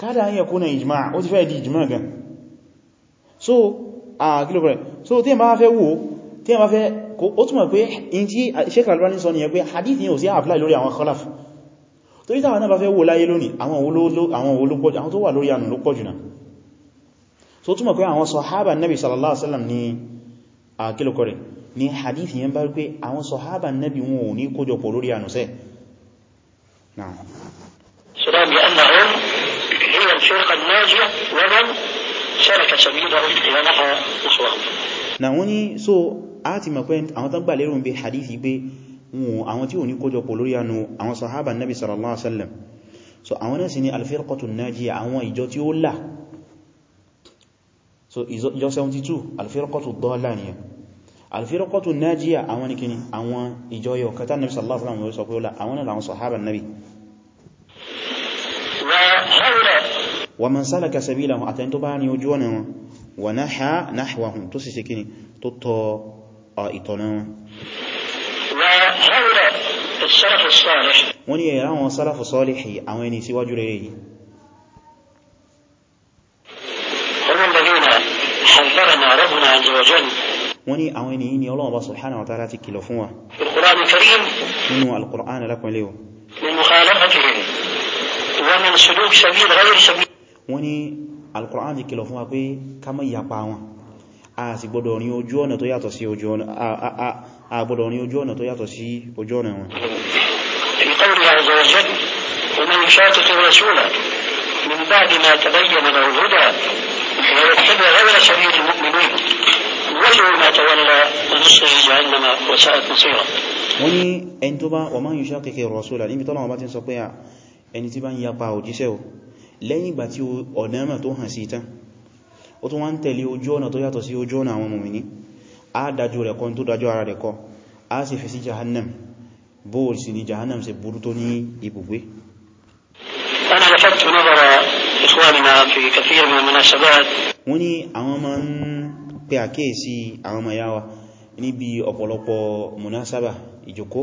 káàdà ayẹ kó na ìjìmá ó ti fẹ́ di ìjìmá gan so àkílòpẹ̀rẹ̀ so tí ma fẹ́ wo tí ma fẹ́ ó túnmọ̀ pé in tí sheik albani sọ nìyẹn pé hadith yẹn ò sí apply lórí àwọn khalaf tó yíta àwọn náà bá fẹ́ wo láyé lónìí àwọn olóòpọ̀jù àwọn tó wà nabi sallallahu alaihi wasallam ni àkílòpẹ̀rẹ̀ ni hadith yẹn bá pé àwọn sọ̀hábà nẹ́bí wọn ò ní kójọpọ̀ lórí ànúsẹ́ náà سلام لأنهم هي الفرقة الناجية ومن سلك سبيله إلى نحو أسوأ na wọ́n ní so a ti mọ̀ pé àwọn tán gbà lérò ń bí hadithi pé wọn àwọn tí ò ní kójọpọ̀ lórí ànú àwọn sahaba nabi sallallahu alaihi wasallam so àwọn náà sì ni alfirqatu najiya àwọn ìjọ tí ó là so ìjọ 72 alfirqatu dọ́là nìyàn alfirqatu najiya àwọn ni kíni àwọn ìjọyọ̀ kata nabi sallallahu alaihi wasallam sọ pé ó la àwọn náà làwọn sahaba nabi wa man salaka sabilahu àtẹni tó bá ní ojú ọ̀nà wọn wa naha nahwahum tó sì ṣe kíni tó tọ ìtọ̀nà wọn wọ́n ni ẹ̀rá wọn sálàfù sọ́lìhì àwọn ẹni síwájú rere yìí ومن الذين حذرنا ربنا عز وني اويني ني الله سبحانه وتعالى تكيلو فوا القران الكريم من القران لكم ليو من مخالفتهم ومن سلوك سبيل غير سبيل وني القران تكيلو فوا كي كما يابا وان ا سي سي اوجو ا ا ا بودو ني اوجو سي اوجو اون وان الله عز وجل ومن يشاطق الرسول من بعد ما تبين له الهدى ويتبع غير سبيل المؤمنين خير ما تولى المسلم جهنم وساءت مصيرا wọ́n ní ẹni tó bá wọ́n máa ń yíṣẹ́ kéèkéè rọ̀sọ́lá níbi tọ́lọ̀wọ́ bá ti ń sọ pé ẹni tí bá ń yapa òjíṣẹ́ o lẹ́yìn ìgbà tí ọ̀nà ẹ̀mà tó hàn sí ìtàn o tún wá ń tẹ̀lé ojú ọ̀nà tó yàtọ̀ sí ojú ọ̀nà àwọn mùmìní a dájú rẹ̀ kan tó dájú ara rẹ̀ kọ a sì fi sí jahannam bóòl sí ni jahannam sì burú tó ní ibùgbé wọ́n ní àwọn máa ń pé àkíyèsí àwọn ọmọ yáwa níbi ọ̀pọ̀lọpọ̀ munasaba ìjòkó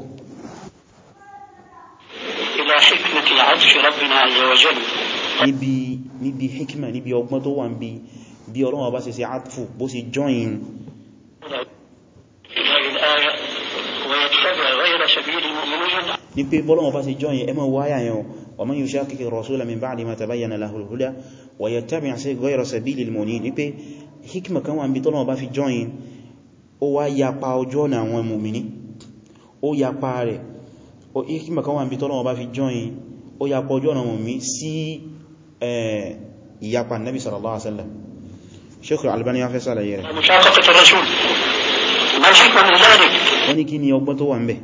níbi hikima níbi ọgbọ́n tó wà ń bí bí Ọlọ́run bá ṣe ṣe àtfù bó ṣe join ní pé bọ́lọ́wọ́ bá ṣe jọyìn ẹmọ wáyà yẹn wa man yushaqiqi rasula min ba'di ma tabayyana lahul huda wa yattabi' ghayra sabilil mu'minin ní hikima kan wà níbi tọ́lọ̀ bá fi jọyìn ó wá yapa ọjọ́ ọ̀nà àwọn mùmìní ó yapa rẹ̀ hikima kan wà níbi tọ́lọ̀ bá fi jọyìn ó yapa ọjọ́ ọ̀nà mùmí sí ìyapa nabi sallallahu alaihi wasallam sheikh al-albani ya fẹ́ ṣàlàyé rẹ̀ wọ́n ní kí ni ọgbọ́n tó wà ń bẹ̀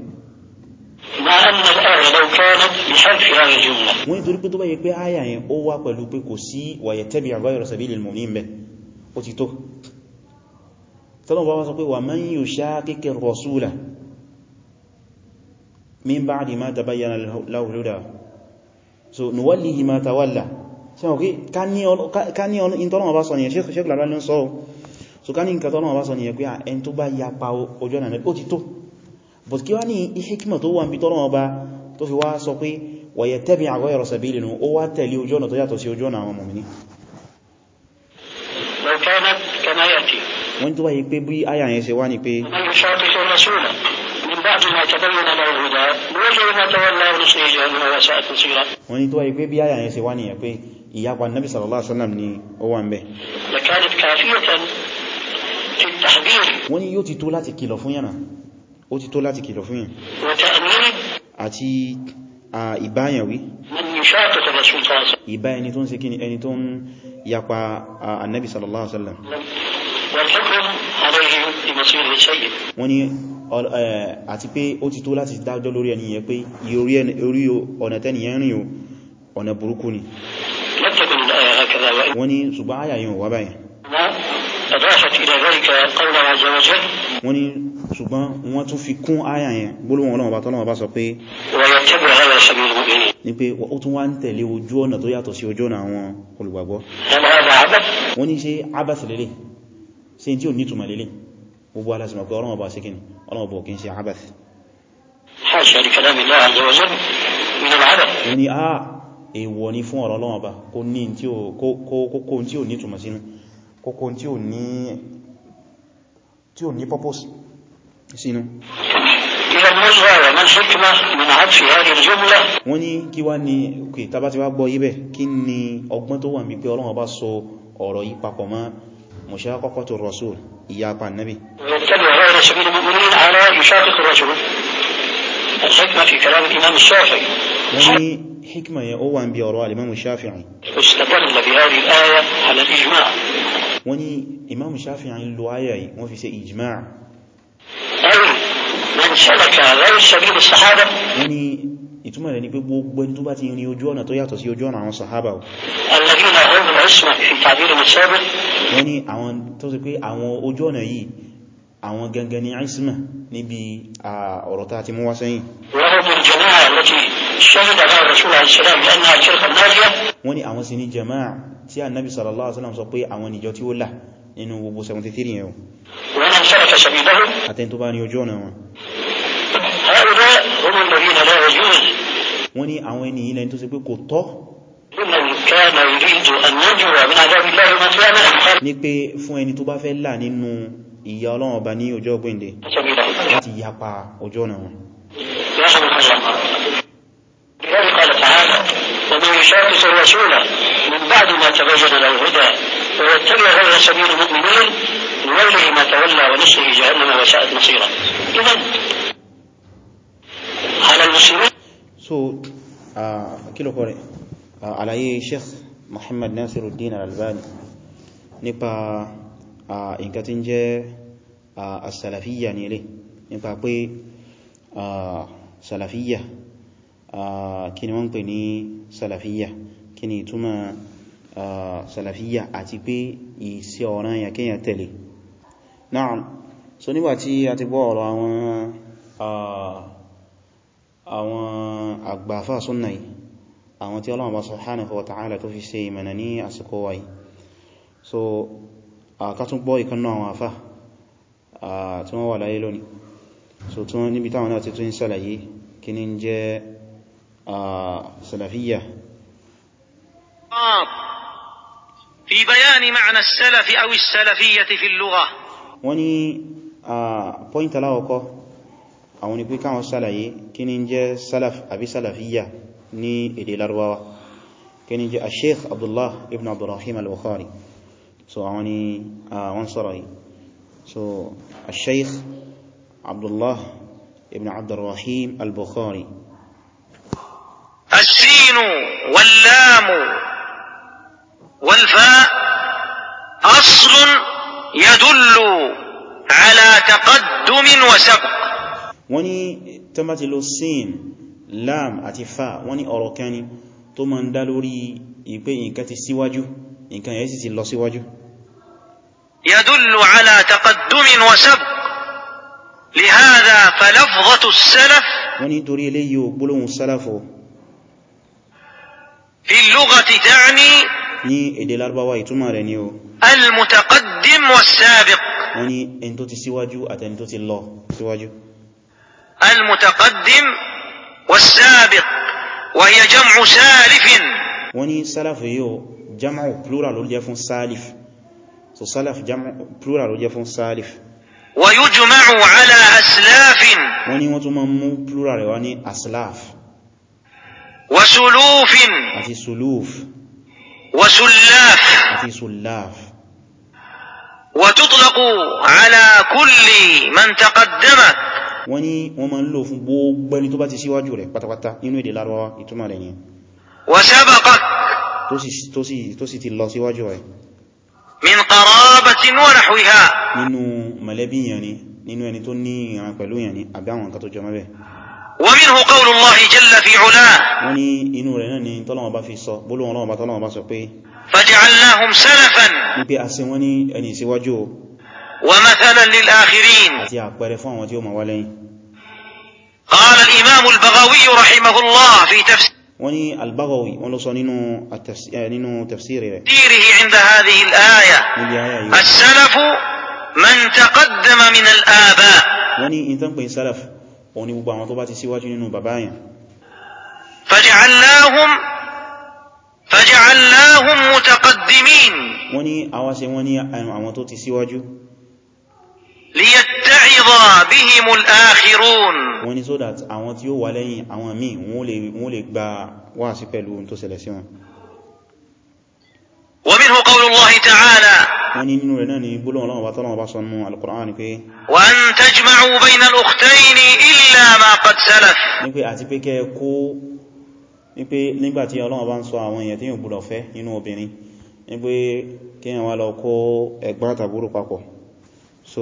wọ́n ní torí pé tó bá yẹ pé áyà yẹn ó wá pẹ̀lú pé kò sí wàyẹ̀ tẹ́bí àgbáyọ̀rọ̀ sàbílì mùmí ń bẹ̀ ó ti tó tọ́lọ́wọ́ wá sọ pé wa man yushaqiqi ar-rasula min ba'di ma tabayyana lahu al-huda so nuwallihi ma tawalla ṣe ọ̀kí ká ní ọ̀nà ìtọ́lọ́wọ́ bá sọ nìyẹn ṣe lára ló ń sọ so ká ní nǹkan tọ́lọ́wọ́ bá sọ nìyẹn pé ẹn tó bá ya pa ojú ọ̀nà ó ti tó but kí wá ní hikima tó wà ń bí tọ́lọ́wọ́ bá tó fi wá sọ pé wa yattabi' ghayra sabilihi ó wá tẹ̀lé ojú ọ̀nà tó yàtọ̀ sí ojú ọ̀nà àwọn mùmínì كانت كما يأتي wọ́n tó wáyé pé bí àyà yẹn ṣe wá ní pé wọ́n ni tó wáyé pé bí àyà yẹn ṣe wá nìyẹn pé ìyapa nabi sallallahu alaihi wasallam ni ó wà ń bẹ wọ́n ni yóò ti tó láti kìlọ̀ fún yànà ó ti tó láti kìlọ̀ fún yàn àti ìbáyànwí ìbá ẹni tó ń ṣe kí ni ẹni tó ń Yakwa annabi sallallahu alaihi wasallam wọ́n ní àti pé ó ti tó láti dájọ́ lórí ẹni yẹn pé orí ọ̀nà tẹ́ni yẹn rìn o ọ̀nà burúkú ni wọ́n ní ṣùgbọ́n àyà yìí wà báyìí wọ́n ní ṣùgbọ́n wọ́n tún fi kún àyà yẹn gbólóhùn Ọlọ́run bá tọ́lọ́run bá sọ pé wọ́n yẹ tẹ́bù ní pé ó tún wá ń tẹ̀lé ojú ọ̀nà tó yàtọ̀ sí ojú ọ̀nà àwọn olùgbàgbọ́ wọ́n ní ṣe abasa lélẹ̀ ṣe tí ò ní túnmà lélẹ̀ gbogbo alásìmọ̀ pé ọlọ́wọ́ bá síkín ọlọ́wọ́ bọ̀ kí ń ṣe abasa wọ́n ní a èèwọ̀ ni fún ọ̀rọ̀ ọlọ́wọ́ bá kó النظرة وما من عطف هذه الجملة wọ́n ní kí wá ní òkè tàbá ti wá gbọ́ yíbẹ̀ kí ni ọgbọ́n tó wà ní pé Ọlọ́run bá sọ ọ̀rọ̀ yí papọ̀ mọ́ mushaqqatu rasul ìyapa nabi يتبع غير سبيل على يشاقق الرسول الحكمة في كلام الإمام الشافعي wọ́n ní hikma yẹ ó wà ń bí imam shafi'i الآية على الإجماع wọ́n ní imam shafi'i lo aya yìí wọ́n fi ṣe ijma' wọ́n ni ìtumọ̀ rẹ̀ ní pé gbogbo ẹni tó bá ti rin ojú ọ̀nà tó yàtọ̀ sí ojú ọ̀nà àwọn sàhábà wọ́n ni àwọn tó sì pé àwọn ojú ọ̀nà yìí àwọn gangan ní àìsímà níbi ọ̀rọ̀ tá ti mú wá sẹ́yìn wọ́n ni àwọn sí ní jama'a tí annabi sallallahu alaihi wọ́n ní àwọn ẹni ilẹ̀ tó ṣe pé kò tọ́ ní pé fún ẹni tó bá fẹ́ là nínú ìyà Ọlọ́run ọba ní ọjọ́ gbẹ̀ndẹ̀ láti yapa ọjọ́ ọ̀nà wọn يشاكس الرسول من بعد ما تبين له هدى ويتبع غير سبيل المؤمنين نوله ما تولى ونصره جهنم وساءت مصيرا اذا على المسلمين so uh, kílòkọ́ rẹ̀ uh, àlàyé Sheikh Muhammad Nasiruddin Al-Albani nípa uh, nǹkan tí ń jẹ́ as-salafiyya ní ilé nípa pé salafiyya kí ni wọ́n pè ní salafiyya kí ni ìtumọ̀ salafiyya àti pé iṣẹ́ ọ̀ràn yà kíyàn tẹ̀lé náà so nígbàtí a ti gbọ́ ọ̀rọ̀ àwọn àwọn àgbàfà súnnà yìí àwọn tí Ọlọ́run bá subhanahu wa ta'ala tó fi ṣe ìmọ̀nà ní àsìkò wáyí so àkátún gbọ́ ìkanná àwọn àfà tí wọ́n wà láyé lónìí so tí wọ́n níbi táwọn náà ti tún sàlàyé kí ní jẹ́ salafiyya fi bayani ma'na as-salafi aw as wọ́n ni pọ́ìntà láwọ́kọ́ àwọn ni pé káwọn sálàyé kí ní jẹ́ salaf àbí salafiyya ní èdè larwawa kí ní jẹ́ asheikh abdullah ibn abdurrahim al-bukhari so àwọn ni àwọn sọ̀rọ̀ yìí so asheikh abdullah ibn abdurrahim al-bukhari السين واللام والفاء أصل يدل على تقدم وسبق wọ́n ní tẹ́màtí lo sin lam àti fa wọ́n ní ọ̀rọ̀ kan ni tó ma ń dá lórí ìpé nǹkan ti síwájú nǹkan yẹ́ sì ti lọ síwájú yadullu ala taqaddumin wa sabq lihada falafdhatu salaf wọ́n ní torí eléyìí ò gbólóhùn sálàfọ́ ní èdè Lárúbáwá ìtumọ̀ rẹ̀ ni o al-mutaqaddim was wọ́n ní ẹni tó ti síwájú àtẹni tó ti lọ síwájú المتقدم والسابق وهي جمع سالف وني سلف يو جمع بلورال لو سالف سلف جمع بلورال لو سالف ويجمع على أسلاف وني وتمم بلورال وني أسلاف وسلوف أتي سلوف وسلاف أتي سلاف وتطلق على كل من تقدمت wọ́n ní wọ́n máa ń lò fún gbogbo ẹni tó bá ti síwájú rẹ̀ pátápátá nínú èdè Lárúbáwá ìtumọ̀ rẹ̀ yẹn wa sabaqak tó sì ti lọ síwájú rẹ̀ min qarabatin wa nahwiha nínú mọ̀lẹ́bí yẹn nínú ẹni tó ní ìran pẹ̀lú yẹn ni àbí tó jọ mẹ́bẹ̀ wọ́n ní inú rẹ̀ náà ni tọ́lọ̀wọ̀n bá fi sọ bólúwọ̀n lọ́wọ́ bá tọ́lọ̀wọ̀n bá sọ pé faj'alnahum salafan ní pé a ṣe wọ́n ní ẹni ìsíwájú ومثلا للآخرين قال الإمام البغوي رحمه الله في تفسير وني البغوي ونصنين تفسيره تفسيره عند هذه الآية السلف من تقدم من الآباء وني إن تنقي سلف وني ببا مطبات سواج ننو فجعلناهم فجعلناهم متقدمين وني أواسي وني أمتوتي سواجه liyatta'iza bihim al-akhirun wọ́n ní so that àwọn tí ó wà lẹ́yìn àwọn míì wọ́n lè gba wáàsí pẹ̀lú ohun tó ṣẹlẹ̀ sí wọn wa minhu qawlu Allahi ta'ala wọ́n ní nínú rẹ̀ náà ni gbólóhùn Ọlọ́run bá tọ́lọ́run bá sọ nínú al-Qur'an pé wa an tajma'u bayna al-ukhtayn illa ma qad àti pé kẹ́ kó ní nígbàtí Ọlọ́run bá ń sọ àwọn èèyàn tí yóò gbọ́dọ̀ fẹ́ nínú obìnrin ní kí so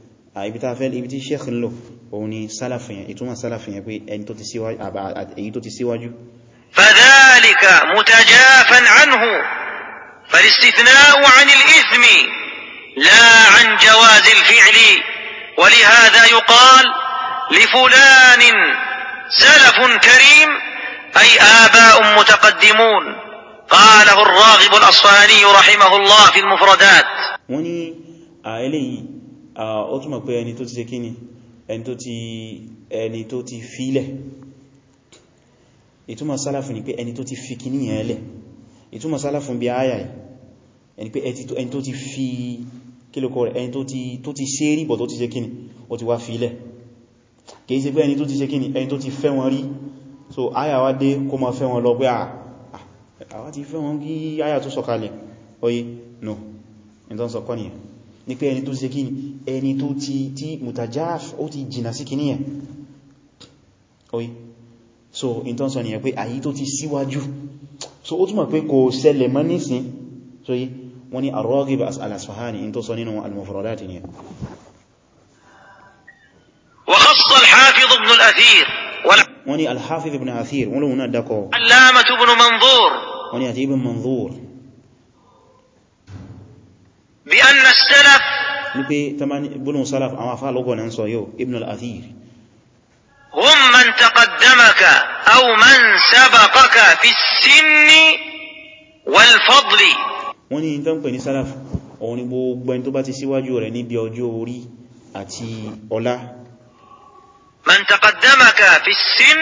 ibi ta fẹ́ ibi tí sheikh ń lò òun ni sálàfihàn ìtumọ̀ sálàfihàn pé èyí tó ti sheikh lo oun ni salafihan itumo salafihan pe eyi to ti siwaju fadhalika mutajafan anhu falistithna'u 'anil ithmi la 'an jawazil fi'li ولهذا يقال لفلان سلف كريم أي آباء متقدمون قاله الراغب الأصفهاني رحمه الله في المفردات وني آه ó túnmọ̀ pé ẹni tó ti ṣe kíni ẹni tó ti fílẹ̀ ìtumọ̀ sálàfù ni pé ẹni tó ti fi kíní yẹn lẹ̀ ìtumọ̀ sálàfù bí áyà ẹni pé ẹni tó ti fi kílòkọ rẹ̀ ẹni tó ti ṣe rí bọ̀ tó ti ṣe kíni ó ti wá fílẹ̀ kìí so áyà wá dé kó ma fẹ́ wọn lọ pé àwa ti fẹ́ wọn no ẹni ní pé ẹni tó ṣe kí ẹni tó ti tí mutajaf ó ti jìnà sí kìíní ẹ̀ so in tán sọ nìyẹn pé àyí tó ti síwájú so ó túnmọ̀ pé kò ṣẹlẹ̀ mọ́ nísìn so yí wọ́n ni ar-Raghib al-Asfahani in tó sọ nínú al-Mufradat nìyẹn wọ́n ni al ibn Athir wọ́n lóhun náà dákọ̀ بأن السلف نبي تماني بنو سلف أما فالوغو ننسو يو ابن الأثير هم من تقدمك أو من سبقك في السن والفضل wọ́n ni tó ń pè ní salaf òun ni gbogbo ẹni tó bá ti rẹ̀ ọjọ́ orí àti ọlá من تقدمك في السن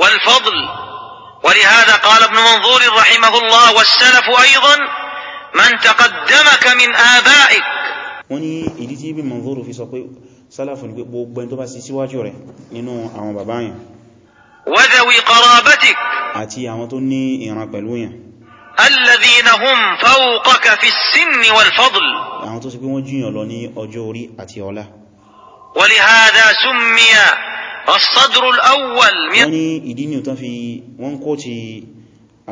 والفضل ولهذا قال ابن منظور رحمه الله والسلف أيضا man taqaddamaka min abaik wọ́n ní ìdí tí Ibn Manzur fi sọ pé sálàfù ní pé gbogbo ẹni tó bá sí síwájú rẹ̀ nínú àwọn bàbá yẹn wa dhawi qarabatik àti àwọn tó ní ìran pẹ̀lú yẹn alladhina hum fawqaka fi sinni wal fadl àwọn tó sì pé wọ́n jùyàn lọ ní ọjọ́ orí àti ọlá wa lihadha summiya الصدر الأول wọ́n ní ìdí ni ó tán fi wọ́n kó ti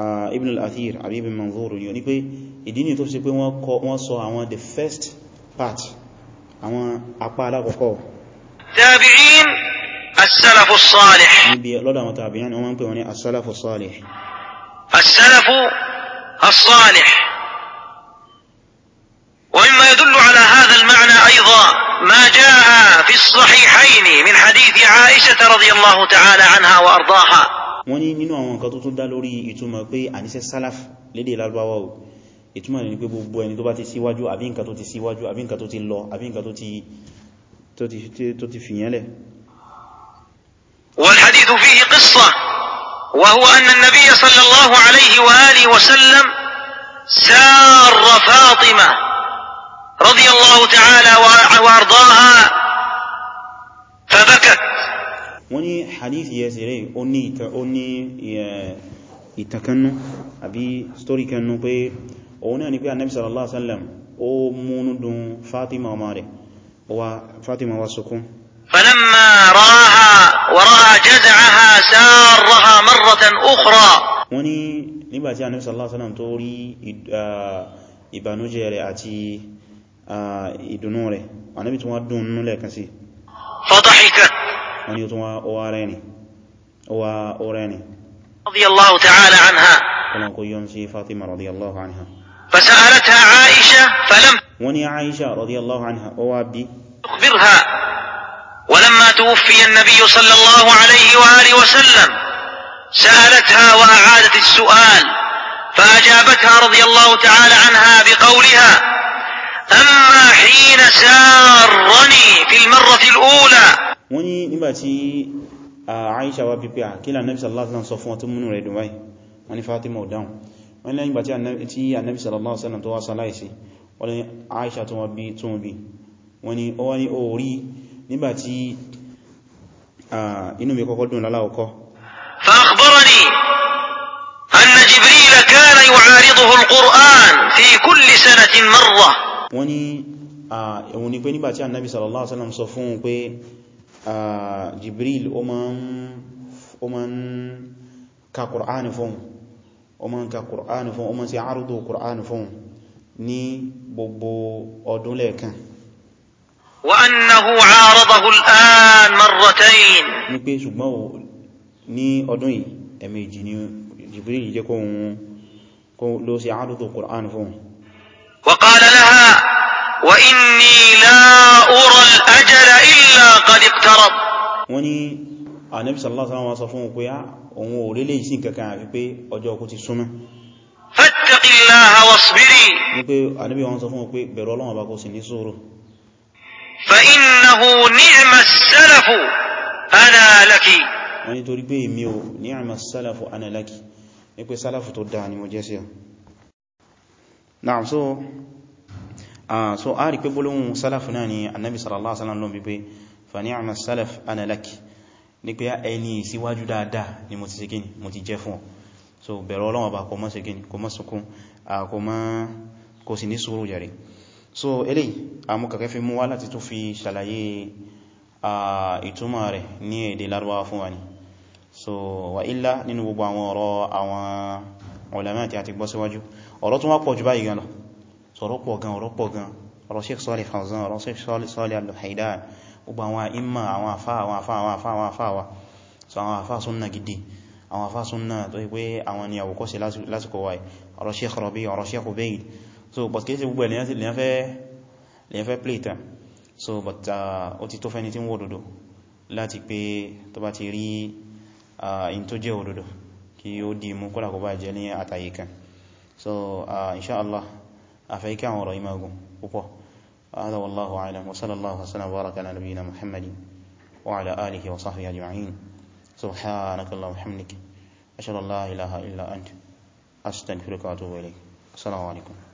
uh, Ibn al-Athir àbí Ibn Manzur ni ó ní pé ìdí ni tó ṣe pé wọ́n sọ àwọn the first part àwọn apá alákọ̀ọ́kọ́ tabi'in as-salafu níbi lọ́dọ̀ àwọn tabi'in wọ́n ń pè wọ́n ní as-salafu الصالح ومما يدل على هذا المعنى أيضا ما جاء في الصحيحين من حديث عائشة رضي الله تعالى عنها وأرضاها wọ́n ní nínú àwọn nǹkan tó tún dá lórí ìtumọ̀ pé ìtumọ̀ ní pé gbogbo ẹni tó bá ti síwájú àbí nǹkan tó ti síwájú àbí nǹkan tó ti lọ àbí nǹkan tó ti fìyànlẹ̀ والحديث فيه قصة وهو أن wọ́n ní hadith yẹ sẹ́rẹ̀ ó ní ìtàkannú àbí story kannú pé òun náà ni pé annabi sallallahu alaihi wasallam ó múnú dùn fatima ọmọ rẹ̀ wa fatima wa sukun falamma ra'aha wa ra'a jaz'aha sarraha marratan ukhra wọ́n ní nígbàtí annabi sallallahu alaihi wasallam tó rí ìbànújẹ́ rẹ̀ àti ìdùnnú rẹ̀ annabi tún wá dùn nú lẹ́ẹ̀kan sí fadahika wọ́n ní عنها tún wá ó wá rẹ́rìn ó فسألتها عائشة فلم وني عائشة رضي الله عنها أوابي تخبرها ولما توفي النبي صلى الله عليه وآله وسلم سألتها وأعادت السؤال فأجابتها رضي الله تعالى عنها بقولها أما حين سارني في المرة الأولى وني نباتي آه، عائشة وابي بيع كلا النبي صلى الله عليه وسلم صفوة من وني يعني فاطمة وداون wọ́n lẹ́yìn gbàtí tí annabi sallallahu alaihi wasallam tó wá sáláìsí wọ́n ni aisha tó wọ́n bí tún bí wọ́n ni ó wá ní orí nígbàtí inú mi kọ́kọ́ dùn lálá wọ́n ni ẹ̀wọ̀n ni pé nígbàtí annabi sallallahu alaihi sọ fún pé jibril ó máa ń ka qur'an ọmọ ń ka Kùránì fún ọmọ sí àrùdó Kùránì fún ní gbogbo ọdún lẹ́ẹ̀kan wa annahu aaradahu al'an marratayn ní pé ṣùgbọ́n ní ọdún yìí ẹ̀mẹ́jì ni Jibril jẹ́ kó ló sí àrùdó Kùránì fún wa qala laha wọ́n ni Ànábì sallallahu alaihi wasallam sọ fún pé ohun ah, orílẹ̀ ìsìn kankan àfi pé ọjọ́ ọkú ti súnmọ́ fattaqillaha wasbiri wípé Ànábì wọn sọ fún pé bẹ̀rù Ọlọ́run bá kó sì ní sùúrù fa innahu ni'ma as-salafu ana laki wọ́n nítorí pé èmi ò ni'ma as-salafu ana laki ní pé sálàfù tó dáa ni mo so a rí pé gbólóhùn sálàfù náà ni Ànábì sallallahu alaihi wasallam lọ bí pé fa ni'ma as-salaf ana laki ní pé ẹni síwájú dáadáa ni mo ti ṣe kíni mo ti jẹ́ fún ọ so bẹ̀rọ Ọlọ́run Ọba kò mọ́ ṣe kíni kò mọ́ sunkún kò mọ́ ní sùúrù jàre so eléyìí àmúkàkẹ́ fi mú wá láti tó fi ṣàlàyé ìtumọ̀ rẹ̀ ní èdè Lárúbáwá fún wa ni so wà ilá nínú gbogbo àwọn ọ̀rọ̀ àwọn ulama àti àti gbọ́ síwájú ọ̀rọ̀ tún wá pọ̀ jù báyìí gbogbo àwọn àìmà àwọn àfá àwọn àfá àwọn àfá àwọn àfá wa so àwọn àfá súnnà gidi àwọn àfá súnnà tó yí pé àwọn ni àwòkọ́ sí lásìkò wáyé ọ̀rọ̀ Sheikh Rabi ọ̀rọ̀ Sheikh Ubayd so but kìí sí gbogbo ẹ̀lẹ́yàn lèyàn fẹ́ play so but uh, ó ti tó fẹ́ni tí ń wò òdodo láti pé tó bá ti rí uh, in so uh, inshallah afẹ́ ikẹ́ àwọn ọ̀rọ̀ هذا والله أعلم وصلى الله وسلم وبارك على نبينا محمد وعلى آله وصحبه أجمعين سبحانك اللهم وبحمدك أشهد أن لا إله إلا أنت أستغفرك وأتوب إليك السلام عليكم